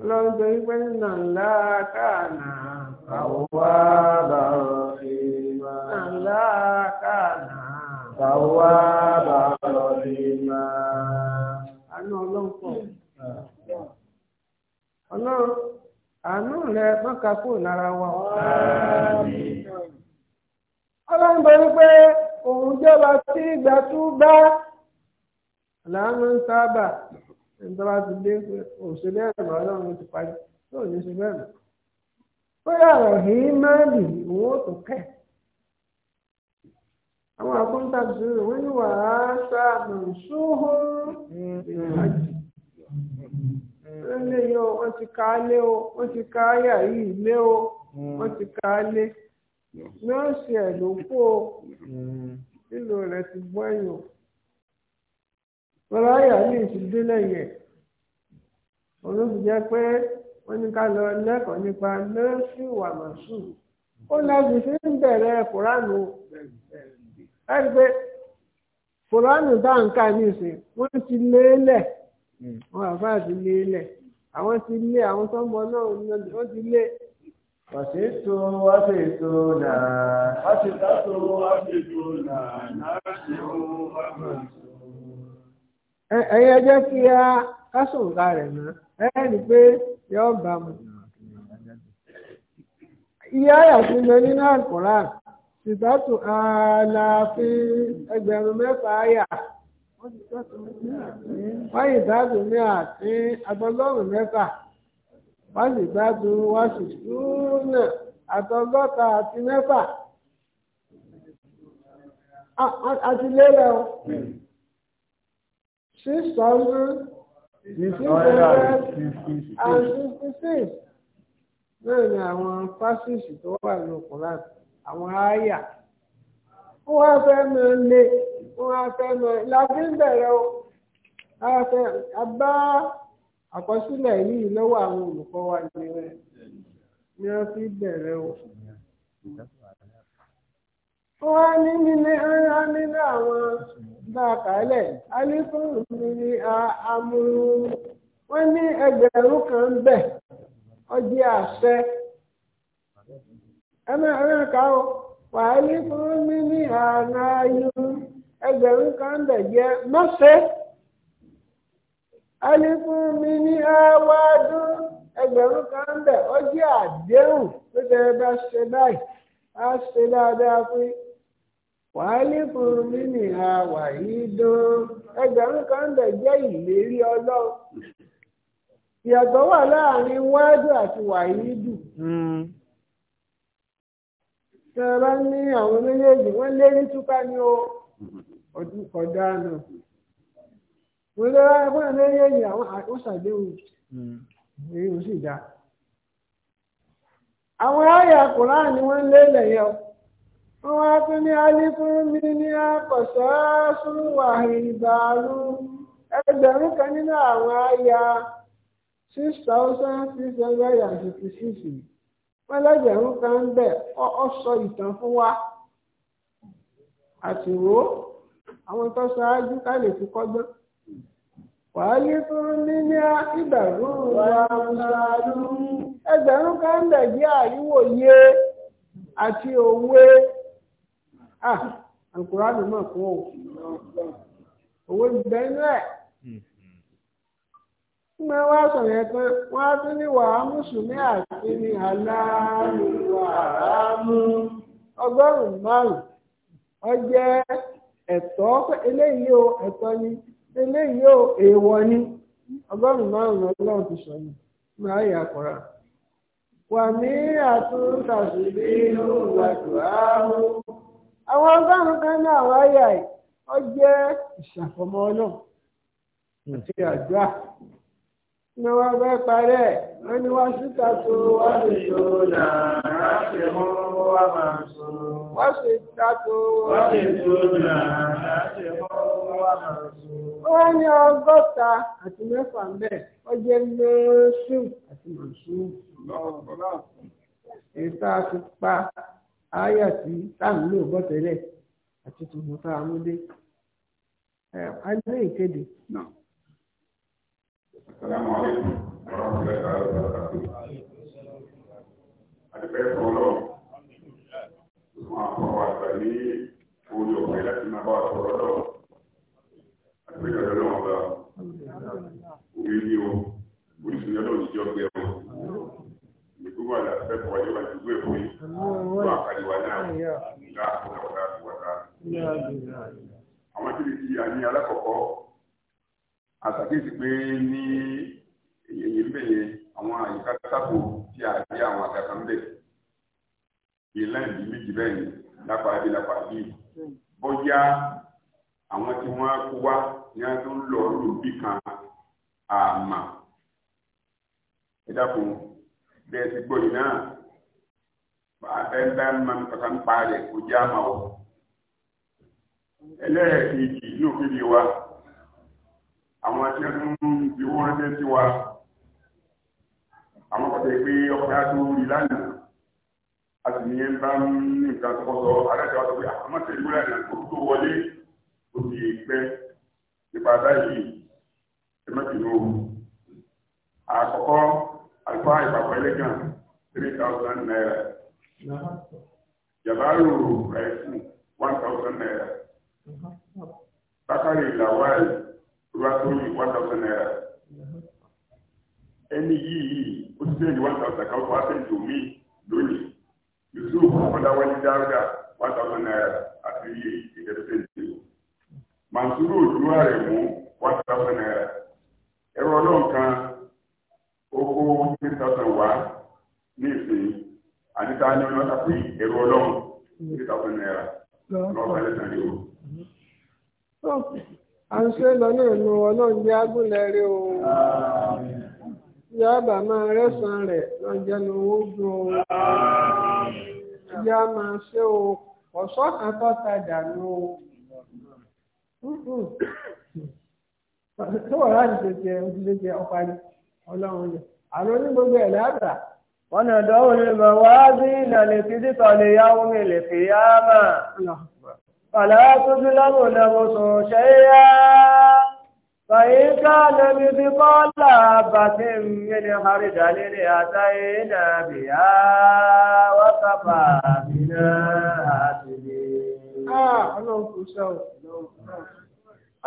ọlọ́run tó na nínà ńlá káànà àwọ̀wá bàrọ̀ sí ma. ma. àánú ọlọ́run pọ̀. ọlọ́run àánú rẹ mọ́ka kú lára wa. ọlọ́run tó wípé òun jọba tí ìgbà tún bá ẹni tó bá ti dé pé òṣè bẹ́ẹ̀ mọ́ ọlọ́run ti parí tó ò ní ṣe bẹ́ẹ̀ mọ́. bóyá ọ̀rọ̀ yìí máa ń lè wọ́n ó tó kẹ́ àwọn àkóńtà ti rò wọ́n ní wàá sá mọ̀nsúhó ìrìnàjò lé yọ wọ́n ti ká lé o wọ́n ti ká yà yìí lé o wọ́n ti ká rọra ní ìṣúdé lẹ́yìn ẹ̀ olóògbé jẹ́ pé wọ́n ní ká lọ lẹ́kọ̀ọ́ nípa nọ́ọ̀sì wàmọ̀sù ó láti fi ń bẹ̀rẹ̀ kùránù láti pé kùránù tá à ń kà ní ìsìn wọ́n ti léélẹ̀ wọ́n àfa ti léélẹ̀ àwọn ti lé àwọn tó ń bọ̀ náà wọ́n ti lé. Wàṣítò wáṣètò náà. Wàṣítò wáṣètò náà. Náà ṣe òun wá ẹ̀yin ẹ jẹ́ kí a kásòǹkà rẹ̀ ná ẹni pé yọ bá mu. iye àyà tí nínú àkùrà sìtátù àlàáfin ẹgbẹ̀rún mẹ́fà àyà wọ́n ní àti àtọ́gọ́rùn mẹ́fà wọ́n sì wọ́n sì túnà àtọ́gọ́ta àti six thousand six hundred and sixty six náà ni àwọn pásísì tó wà ní Kùránì àwọn àyà wọ́n wá fẹ́ mọ lé wọ́n wá fẹ́ mọ láti bẹ̀rẹ̀ o abá àkọsílẹ̀ yìí lọ́wọ́ àwọn olùkọ́ wa ni rẹ̀ ni wọ́n fi bẹ̀rẹ̀ o. wọ́n á ní nínú àwọn. gbàkálẹ̀ alifun mi ni wọ́n ní ẹgbẹ̀rún kan bẹ̀ ọjẹ́ àṣẹ ẹmẹ ẹmẹ o wàhálì fún ní àná ayú ẹgbẹ̀rún kan bẹ̀ jẹ́ mọ́sẹ̀ alí ní àwádùn ẹgbẹ̀rún kan bẹ̀ àdéhùn wàhálẹ́kùn wà wàyí dán ẹgbẹ̀rún kan dẹ̀ jẹ́ ìlérí ọlọ́run ìyàtọ̀ wà láàrin wáádù àti wàhídù tẹ́ hmm. ẹ bá ní àwọn méjèèjì wọ́n lé ní túká ní o ọdún kọjá náà wọ́n lé wá fún àwọn méjèèjì àwọn àkóṣàdéhùn hmm. èyí ò sì dá àwọn àyà kùrán ni wọ́n lé lẹ́yìn ọkọ̀. wọ́n wá tún ní alíkún mi ní ẹgbẹ̀rún kan nínú àwọn àyà six wọ́n lẹ́gbẹ̀rún kan wa àtìwó àwọn tó ṣáájú ká lè fi Wàhálí fún ìbẹ̀rún Ẹgbẹ̀rún kan ń bẹ̀ àti ah alukuraani mọ̀ fún o owó ìgbẹ́ inú ẹ̀ wá sọ̀rọ̀ ẹ̀ pé wọ́n á tún ní wàá ní aláàmú ẹ̀tọ́ o ẹ̀tọ́ ni eléyìí o èèwọ̀ ni ti bí àwọn ọgọ́rùn-ún kan ní àwọn àyà yìí ó jẹ́ ìṣàfọmọ ọlọ́run àti àdúrà ní wọ́n fẹ́ parẹ́ wọ́n ní wọ́n síta tó wọ́n sì tó nàá ṣe mú wọ́n máa tó. wọ́n sì ta tó wọ́n sì tó nàá ṣe mú wọ́n máa tó. wọ́n ní ọgọ́ta àti mẹ́fà mẹ́ẹ̀ ó jẹ́ lóṣù àti màṣú. ìta ti pa áyà tí taa lò bọ́ tẹ́lẹ̀ àti tuntun tá a mú dé. alẹ́ ìkéde. asalaamualeykum warahmatulahi ọrụ ọrụ ọrụ ọrụ ọrụ. هو الأسباب وجب أن تزويه وعقل ونام لا حول ولا قوة إلا بالله àwọn tí ti àní alákọ̀ọ́kọ́ àtàkéjì pé ní èyí mbẹ̀yẹ àwọn àyíká sábò tí a rí àwọn àgàkà mbẹ̀ ìlà ìdí méjì bẹ́ẹ̀ ni lápá bí lápá bí bóyá àwọn tí wọ́n kó wá ní a tó ń kan àmà ẹ dákun bẹ́ẹ̀ ti gbòyì náà ẹ̀ńdá máa ń kọ́ta ń pa rẹ̀ kó já máa wọ̀. ẹlẹ́ẹ̀kejì inú kejì wa àwọn tí wọ́n ń fi owó ránṣẹ́ sí wa àwọn kọ̀tẹ́ pé ọkùnrin á tó rí lánàá a sì ní ń bá ń ní nǹkan tó kọ́sọ́ aláṣẹ wa sọ pé àmọ́ ah, tẹ̀lé wúlò àná tó tó wọlé tó fi pẹ́ nípa báyìí ẹ má fi ní o àkọ́kọ́ àlùfáà ìpàpọ̀ ẹlẹ́gàn three thousand naira jabaru raifu one thousand naira bakari lawal ruwatoli one thousand naira ẹni yìí ó ti sẹ́yìn one thousand kan fún asẹ́yìn omi lónìí yusuf ọ̀dàwọ́lì dáúdà one thousand naira àti ìdẹ́sẹ̀ǹtì mansuru òdúrà rẹ̀ mú one thousand naira ẹ̀rọ ọlọ́run kan owó three thousand wá ní ìsìn àdìta ní wọn lọ́ta pé ẹ̀rọ ọlọ́run three thousand naira lọ́wọ́ balẹ̀ sàn ní o. à ń ṣe lọ náà nu ọlọ́run jẹ́ agúnlẹ̀ rí o yáàbà máa rẹ́sàn rẹ̀ lọ́jọ́ ni owó dùn o ìyá máa ṣe o ọ̀ṣọ́ kan tó tajà ní o tó wà láti tètè ojúlé jẹ ọparí ọlọ́run yẹn àwọn onígbogbo ẹ̀ lábàá. wọ́n náà dánwò ní ìmọ̀ wá sí ìlànà ìfisítọ̀ lè yá omi lè fi yá mà. fàlà tó bí lọ́wọ́ náà mo sùn ṣe é yá. فإذا لم يبقى لابة من خرج لأتينا بها وكفى بنا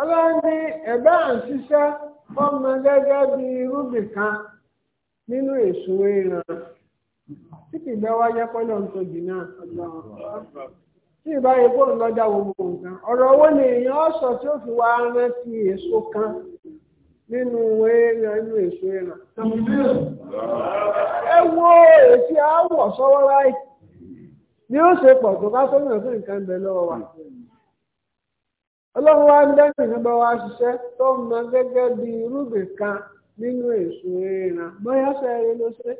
Ọlọ́run ní ẹ̀bá ń ṣiṣẹ́ fọ́mọ gẹ́gẹ́ bí irúgbìn kan. nínú èso ìran tí kì í bẹ́ wáyé pẹ́lú ntòjì náà tí ìbá yẹ kó lọ́jà gbogbo nǹkan ọ̀rọ̀ owó ni èèyàn sọ tí ó fi wá rántí èso kan nínú ìran nínú èso ìran. ẹ wo èsì àwọ̀ sọ́wọ́ láì ni ó ṣe pọ̀ tó fún nǹkan bẹ lọ́wọ́ wa. ọlọ́run wa ń dẹ́kun ìjọba wa nínú èso eré bóyá sọ eré ló ṣe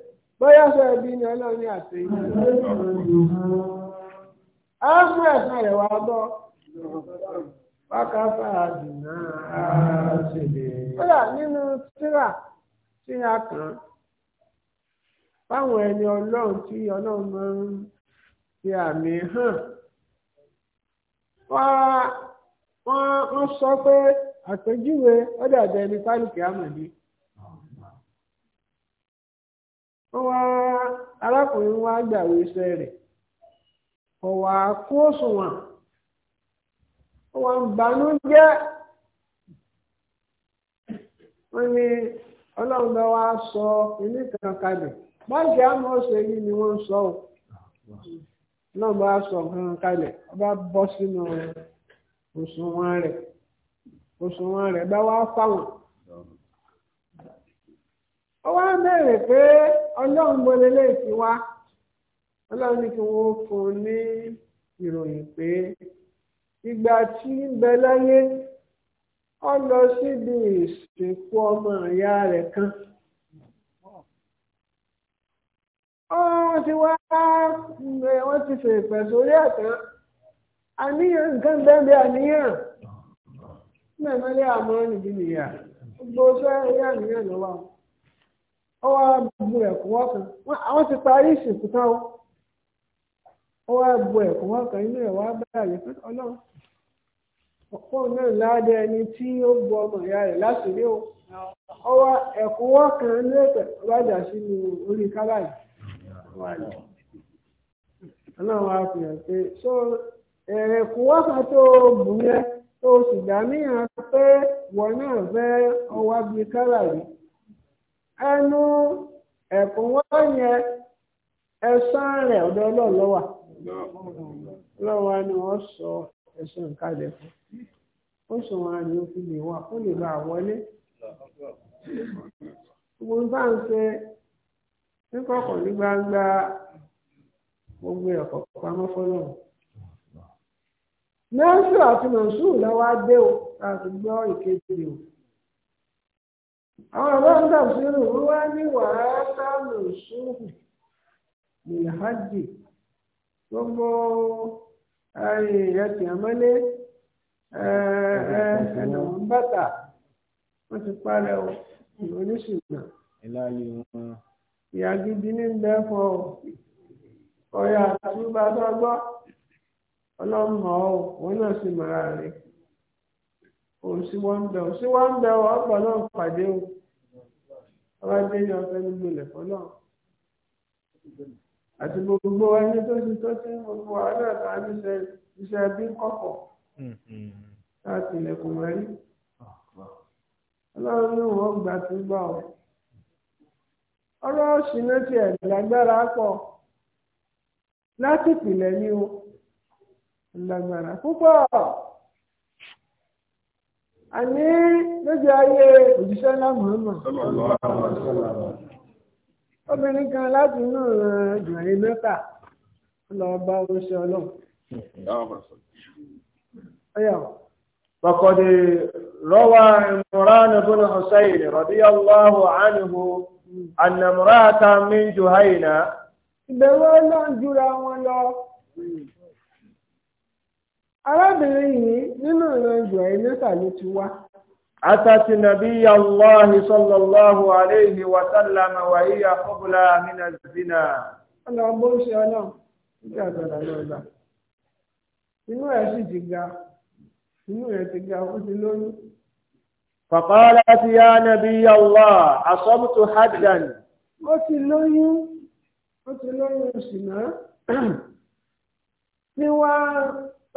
bóyá sọ ẹbí ni ọlọ́run ní àtẹ̀yìn. a mú ẹ̀sán rẹ̀ wá bọ́ pákápá àdùnná ṣẹlẹ̀. kódà nínú tíra tí a kàn fáwọn ẹni ọlọ́run tí ọlọ́run máa ń fi àmì hàn wọ́n sọ pé àpèjúwe wá arákùnrin wá gbàwé iṣẹ́ rẹ̀ ọ̀wà kó òṣùwọ̀n ọ̀wà ń wọ́n ní ọlọ́run bá wá sọ ilé kan kalẹ̀ báńkì àmọ́ ọ̀sẹ̀ yìí ni wọ́n sọ ọ́ náà bá sọ bọ́ sínú òṣùwọ̀n rẹ̀ òṣùwọ̀n rẹ̀ bá wá fáwọn. ó wá béèrè pé ọlọ́run gbọ́dọ̀ lè ti wá ọlọ́run ní kí wọ́n fún un ní ìròyìn pé ìgbà tí ń bẹ láyé ó lọ síbi ìsìnkú ọmọ ìyá rẹ̀ kan. wọ́n ti wá wọ́n ti fèrè pẹ̀sù orí ẹ̀tàn àníyàn nǹkan bẹ́ẹ̀ àníyàn mẹ́mẹ́lẹ́ àmọ́ nìdí nìyà gbogbo sọ ẹ̀rí àníyàn lọ́wọ́. ó wá bu ẹ̀kún àwọn ti parí ìsìnkú tán o ó wá bu ẹ̀kún wọ́n inú ẹ̀ wá ọlọ́run ọ̀pọ̀ náà ẹni tí ó bu ọmọ ìyá rẹ̀ láti o ó wá ẹ̀kún wọ́n kan ní ètò sínú orí ọlọ́run wá fi hàn pé so ẹ̀kún bù yẹn tó sì dá níyàn pé wọ́n náà fẹ́ ọwọ́ bíi Enu ẹ̀kúnwọ́ yẹn ẹ̀san rẹ̀ ọ̀dọ̀ ọlọ́run lọ́wà lọ́wọ́ ni wọ́n sọ ẹ̀san kalẹ̀ fún ó sọ wọn àní òfin lè wà gbogbo ń ṣe ní gbangba gbogbo ẹ̀kọ́ pamọ́ fọlọ́run àti o láti o. àwọn ọlọ́dà sírù ló wá ní wàhálà lòsùn nìhájì gbogbo ẹ̀sìn àmọ́lé ẹ̀ẹ́dọ̀ bàtà wọ́n ti parẹ́ o oníṣìgbà ìyá gidi ní bẹ́ fọ ọ̀yà àtúbà tó gbọ́ ọlọ́mọ òun náà sì mọ̀ra òsì wọn bẹ òsì wọn bẹ ọ ọgbà náà pàdé o ọba dé ní ọfẹ gbogbo lẹfọ náà àti gbogbo ẹni tó ti tó ti gbogbo àádọ́ ta níṣẹ́ iṣẹ́ bí kọ̀kọ̀ hmm, hmm. láti ilẹ̀kùn rẹ̀ rí ọlọ́run ní wọn gbà tó gbà ọ ọ̀rọ̀ ṣìnà tiẹ̀ lágbára pọ̀ láti pìlẹ̀ ní o lágbára púpọ̀ àní lójú ayé òjíṣẹ́ ńlá Muhammad obìnrin kan láti inú ìrìn mẹ́ta lọ bá oṣù ọlọ́run. فقد روى عمران بن حسين رضي الله عنه أن امرأة من جهينة ìbẹ̀rù ọlọ́run jura wọn arábìnrin yìí nínú ìran jùwàìlẹ́sà ló ti wá. أتت نبي الله صلى الله عليه وسلم وهي قبلى من الزنا. Ọlọ́run bó ń ṣe Ọlọ́run nígbà àgbàdà náà gbà. Inú ẹ̀ sì ti ga, inú ẹ̀ ti ga, ó ti lóyún. فقالت يا نبي الله أصبت Ó ti lóyún, ó ti lóyún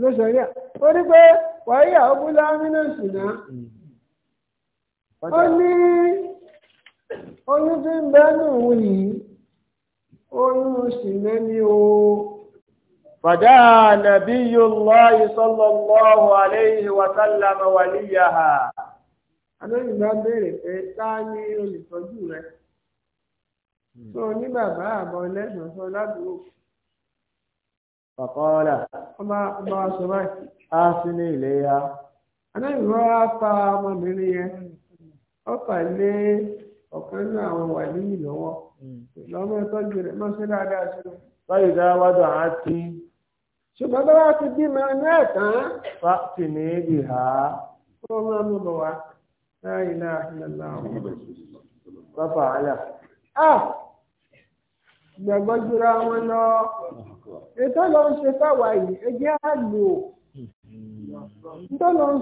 ló sọrí à ó ní pé wàhíà ọbúlá mínàsì náà ó ní oyún tí ń òun yìí oyún sì mẹ́ni o. فدعا نبي الله صلى الله عليه وسلم وليها Àdóyìn bá béèrè pé ta ni olùtọ́jú hmm. Sọ ní bàbá àbọ̀ lẹ́sàn fàkọ́ọ́là ọba ọba ṣọba á sí ní ìléyà anáìrọ́ á pa ọmọbìnrin yẹn ọkà lé ọ̀kan nínú àwọn wàlíì lọ́wọ́ lọ́mọ ìtọ́jú rẹ̀ má ṣe dáadáa sí i. báyìí dá wádùn á ti. ṣùgbọ́n bá wá ti bímọ ní ẹ̀tàn ètò ló ń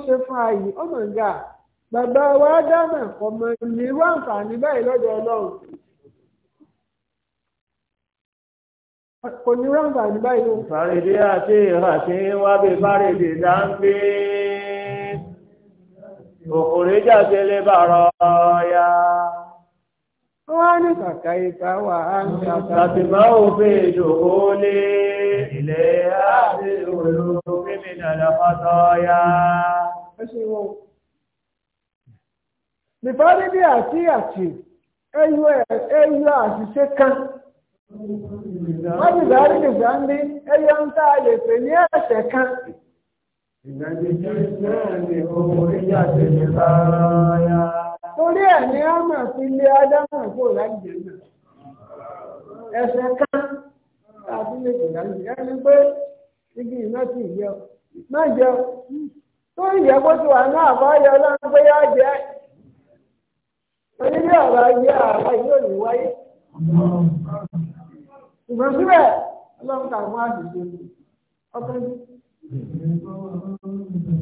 ṣe ṣe bàbá wa dáná ọmọ ìlú àǹfààní báyìí lọ́dọ̀ ọlọ́run kò ní ráǹfààní báyìí ló. fàrídé àti ìhàtí wá bí fàrídé dáńgbé òkòrè jáde ya. wọ́n ní kàkà ìfà wà á ń kàkà. Tàbíbá òfin ìdòkó lé ilé àti òru mímí nàlá fọ́tọ́yá. Ẹ ṣe wọ́n. Nìfọ́dé bí àti àti ẹyọ àṣìṣe kan. Wọ́n ti dárí nìgbà ń ẹyọ ń tá a lè pè ní ẹ̀ṣẹ̀ kan. Ìgbàgbé jẹ́ náà ni òun ìyá tẹ̀lé bá yá. torí ẹ̀ ní a máa fi lé láìjẹ́ náà ẹsẹ̀ kan láti lè ẹni pé igi iná ti yẹ ọ má jẹ ọ tó yẹ kó tó wà náà bá yẹ pé yá jẹ onílé ọ̀rọ̀ ayé àwa yóò ní wáyé ṣùgbọ́n ọlọ́run kà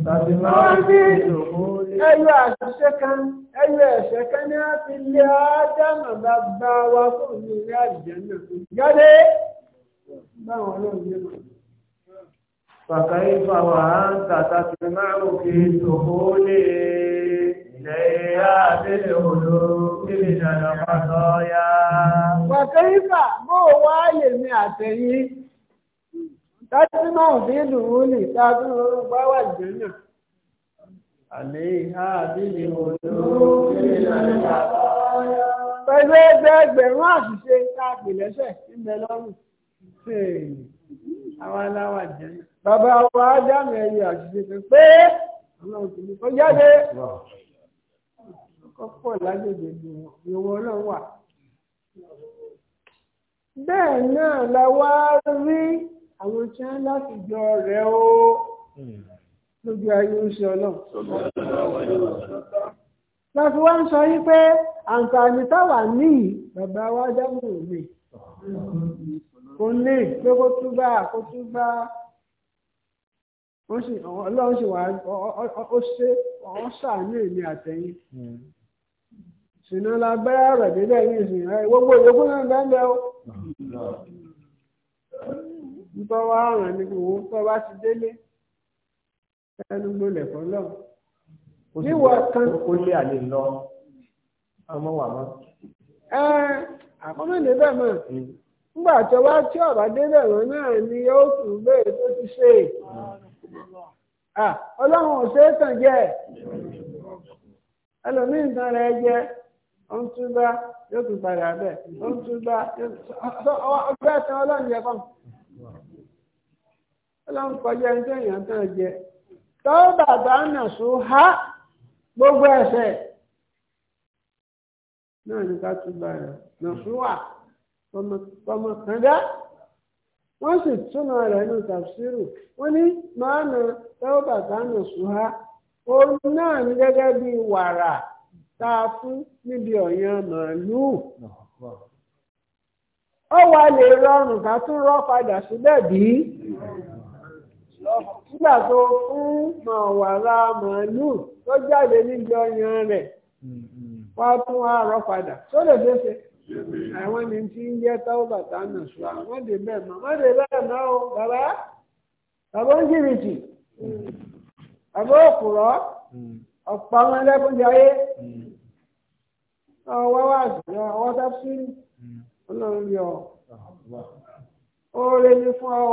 Tàbí máa ń bí ẹyọ àṣìṣe kan, ẹyọ ẹ̀ṣẹ̀ kan ní a fi lé Ádámà bàbá wa fún ní ilé àjẹ́ náà. Jáde! Báwọn ọlọ́run yé mọ̀. Fàkàyé fàwà á ń tàtà fi máa ń fi tòkó lè ilẹ̀ àbílẹ̀ òdò kílì dàdà pàtó yá. Fàkàyé fà bó wá lèmi àtẹ̀yìn. Tátínà òbí ìlú wúlì tábí orúgbá wà jẹ́nà. Àlè ìhá àbílì Pẹ̀lú ẹgbẹ́ ẹgbẹ̀rún àṣìṣe káàkiri lẹ́sẹ̀ níbẹ̀ lọ́rùn. Àwọn aláwà jẹ́. Bàbá wa Ádámù ẹyẹ àṣìṣe kan pé ọlọ́run ti ní kó jáde. Kọ́pọ̀ lágbègbè ni wọn ọlọ́run wà. Bẹ́ẹ̀ náà la wá rí àwọn tí wọ́n láti jọ rẹ̀ ó hmm. lójú ayé ń ṣe ọlọ́run. láti wá ń sọ yí pé àǹfààní táwa níyì bàbá wa dáhùn òní kò ní pé kó tún bá kó tún bá ọlọ́run sì wà ó ṣe ọ̀ ṣàánú èmi àtẹ̀yìn sìnà hmm. la bẹ́ẹ̀ rẹ̀ débẹ̀ yìí sìnà gbogbo ìyókù náà bẹ́ẹ̀ lẹ́wọ́ nítorí wá ràn ní kí wọ́n tó bá ti délé ẹnu gbọ́lẹ̀ fọ́ lọ. níwọ̀ kan ó lé àlè lọ ọmọ wà mọ́. ẹ àkọ́mọ́ ní bẹ́ẹ̀ mọ̀ nígbà tó wá tí ọ̀bá débẹ̀ wọn náà ni yóò tún bẹ́ẹ̀ tó ti ṣe ọlọ́run ò ṣe é tàn jẹ́ ẹlòmíì ń tan rẹ̀ jẹ́ ó ń tún bá yóò tún padà bẹ́ẹ̀ ó tún bá yóò tún ọgbẹ́ tán ọlọ́run yẹ kàn. ọlọ́run kọjá ẹni tó èèyàn náà jẹ tọ́wọ́ bàbá nà sọ ha gbogbo ẹ̀ṣẹ̀ náà ní ká tún bá rẹ̀ nà sún wà wọ́n sì túnmọ̀ rẹ̀ nù wọ́n ní nà bàbá nà fún níbi ọ̀yàn wà lè rọrùn ká tún padà síbẹ̀ bí. nígbà tó fún mọ̀wàrà màálùú tó jáde níbi ọyàn rẹ̀ wá tún wá rọ padà tó lè fẹsẹ̀ àwọn ni ti ń jẹ́ táwọ́bà tá nà sọ àwọn dè bẹ́ẹ̀ mọ́ wọ́n dè bẹ́ẹ̀ mọ́ o bàbá bàbá ń jìrìtì bàbá òkùrọ̀ ọ̀pọ̀ àwọn ẹlẹ́kùnjẹ ayé ọwọ́ wà jùlọ ọwọ́ tá ọlọ́run yọ oore ní fún ọ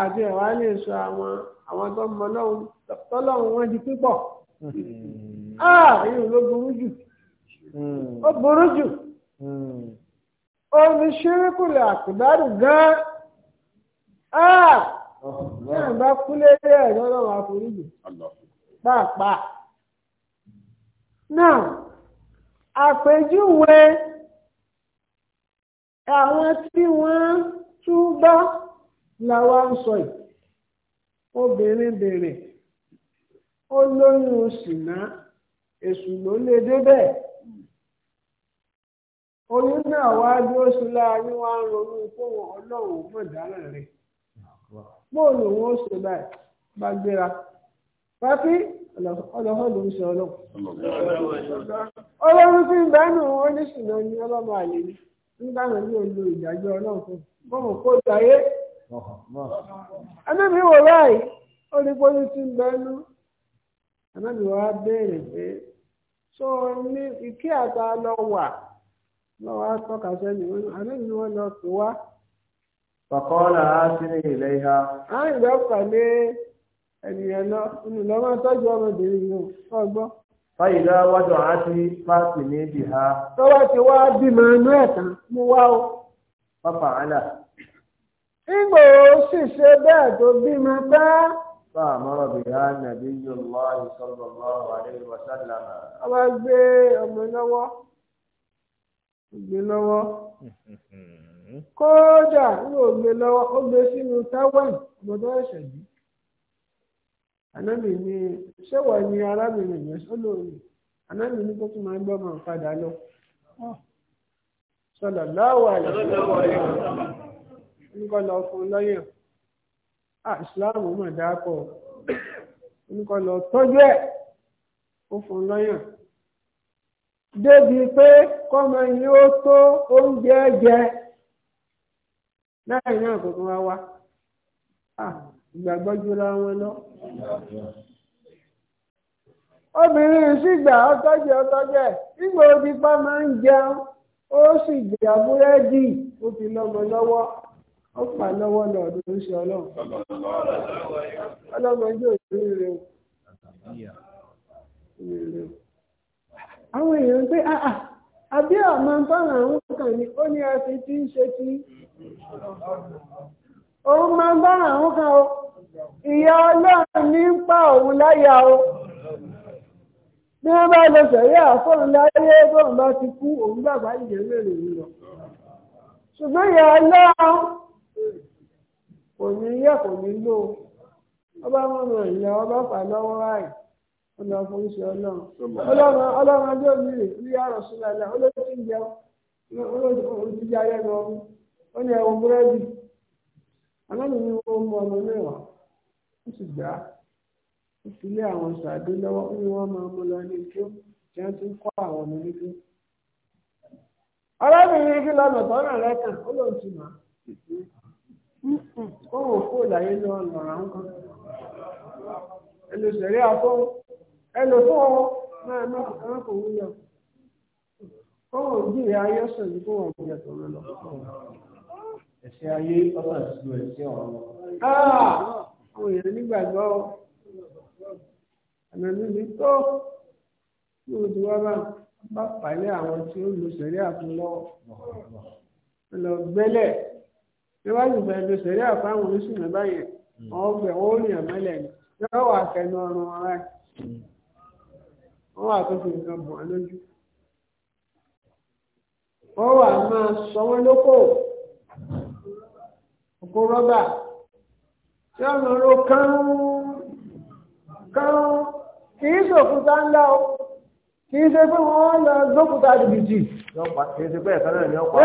àti ẹ̀wá lè sọ àwọn àwọn tó mọ lọ́hùn tọ́lọ́hùn wọn di pípọ̀ ààyè hmm. ah, ló burú jù hmm. ó burú jù omi hmm. ṣíríkùlẹ̀ àkùdárù gan-an náà ah! bá kúlé ilé ẹ̀ lọ́lọ́run àforíjì pàápàá náà àpèjúwe àwọn tí wọ́n tún bá. la wá ń sọ yìí obìnrin bèrè ó lóyún oṣù náà èṣù ló lè débẹ̀ oyún náà wá dúró sí láàrin wá ń ronú fóun ọlọ́run mọ̀dárà rẹ̀ bóòlù òun ó ṣe báyìí bá gbéra pápí ọlọ́fọ́dún ṣe ọlọ́run ọlọ́run fi ń bẹ́nu oníṣìnà ní ọlọ́mọ àlè ní nígbà náà ní olú ìdájọ́ ọlọ́run fún kó anábì wò báyìí ó ti pọ́lí tí ń bẹnu anábì so á béèrè pé ṣó o ní ìkí ni lọ pè wá. Fàkọ́lá ilé ha. Á ìgbà pàdé ènìyàn lọ tọ́jú ọmọbìnrin yìí gbọ́. wájú àti ha. Tọ́wọ́ ti wá bímọ inú ẹ̀ tán wá o. nígbà ó sì ṣe bẹ́ẹ̀ tó bímọ bá. Fáàmọ́rọ̀ bí i Nàbí Yorùbá ìsọ̀rọ̀ àdéhùn Wàsálàmà. A wá gbé ọmọ lọ́wọ́. Gbé lọ́wọ́. Kódà ní ògbé lọ́wọ́, ó gbé sínú táwọn ọmọdé ẹ̀ṣẹ̀ yìí. Ànábì ni ṣéwọ̀ ni arábìnrin yẹn sólórí. Ànábì ni kó tún máa gbọ́ máa padà lọ. Sọlá láwàá yìí oníkọ́ lọ fún lọ́yàn ah islam mọ̀ dáàpọ̀ oníkọ́ lọ tọ́jú ẹ̀ ó fún lọ́yàn débi pé kọ́mọ yìí ó tó oúnjẹ jẹ lẹ́yìn náà kò tún wá wá ìgbàgbọ́ jura wọn lọ. obìnrin sígbà ọtọ́jú ọtọ́jú ẹ̀ nígbà òbí pa máa ń jẹun ó sì gbé àbúrẹ́dì ó ti lọ́mọ lọ́wọ́. ó pa lọ́wọ́ lọ ọdún ṣe ọlọ́run ọlọ́run o àwọn èèyàn pé ah, ah, àbí ọmọ àwọn kan ni ó ní tí ń ṣe òun máa àwọn kan o ìyá ọlọ́run ní ń pa o bí wọ́n bá lọ sẹ̀rí ti kú òun gbàgbá ìjẹ́ mẹ́rin lọ ṣùgbọ́n ìyá kò ní yẹ kò ní lò ọba mọ̀nà ìyá ọba fà lọ́wọ́ ráì ọ̀nà àforíṣẹ́ ọlọ́run ọlọ́run adé omi rè ní yàrá sílẹ̀ náà olóòtú ìjẹ olóòtújẹ ayé lọ ó ní ẹwọ búrẹ́dì ni wọ́n mú ọmọ mẹ́wàá ó sì gbà á ó fi lé àwọn sàdé lọ́wọ́ ó ní wọ́n máa mú lọ ní tí wọ́n ti ó wò kó láyé lọ lọ́ra ń kan ẹlòsèré àtọ ẹlòtọ náà náà kò wúlò kó wò jíire ayé sọ yìí kó wò jẹ tó lọ. ẹsẹ ayé ọsàn ti lo ẹsẹ ọ̀rọ̀. Ah! àwọn èèyàn nígbàgbọ́ ọ̀nà níbi tó ní ojú wa bá bá pàálẹ̀ àwọn tí ó lòsèré àtúnlọ́wọ́ lọ gbẹ́lẹ̀. níwájú bẹ́ẹ̀ ló ṣeré wọn wọn ni yóò wà kẹnu ọrùn wọn hmm. wà tó fi nǹkan lójú wọn wà máa sọ lóko òkú rọ́bà tí wọn lọ ro kánú kì í ṣòkúta ńlá o kì í ṣe pé wọn lọ gbókúta dìbìtì. kì í ṣe ni ọ̀pá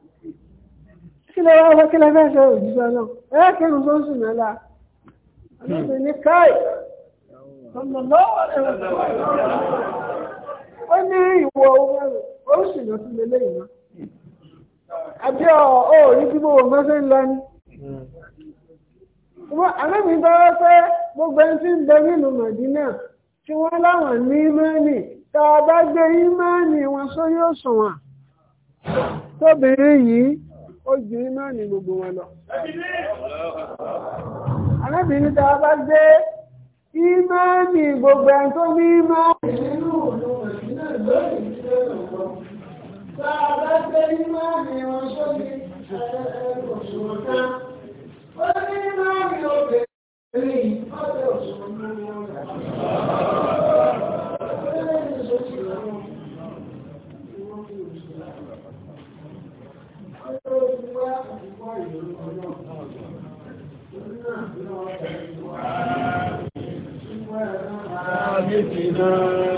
kí lè wá wá kí lè fẹ́ ṣe òjíṣẹ́ náà ẹ kírun tó ń lá, mẹ́la ọlọ́run ní káì ó ní ìwọ oṣù náà tún lè léyìn náà àbí ọ rí bí mo mọ sí lọ ni. àlẹ́mi bá wá pé gbogbo ẹni tí ń bẹ nílùú Màdínà tí wọ́n láwọn ní ímánì tá a bá gbé ímánì wọn sórí òṣùwọ̀n tóbìnrin yìí ó ju ìmánì gbogbo wọn lọ. arábìnrin tá a bá gbé ìmánì gbogbo ẹni tó ní ìmánì. nínú òun òsì náà lórí ìṣẹ́ òwò tá a bá gbé ìmánì wọn sórí òṣùwọ̀n kan ó ní ìmánì obìnrin ọ̀dọ̀ òṣùwọ̀n kan. سيدنا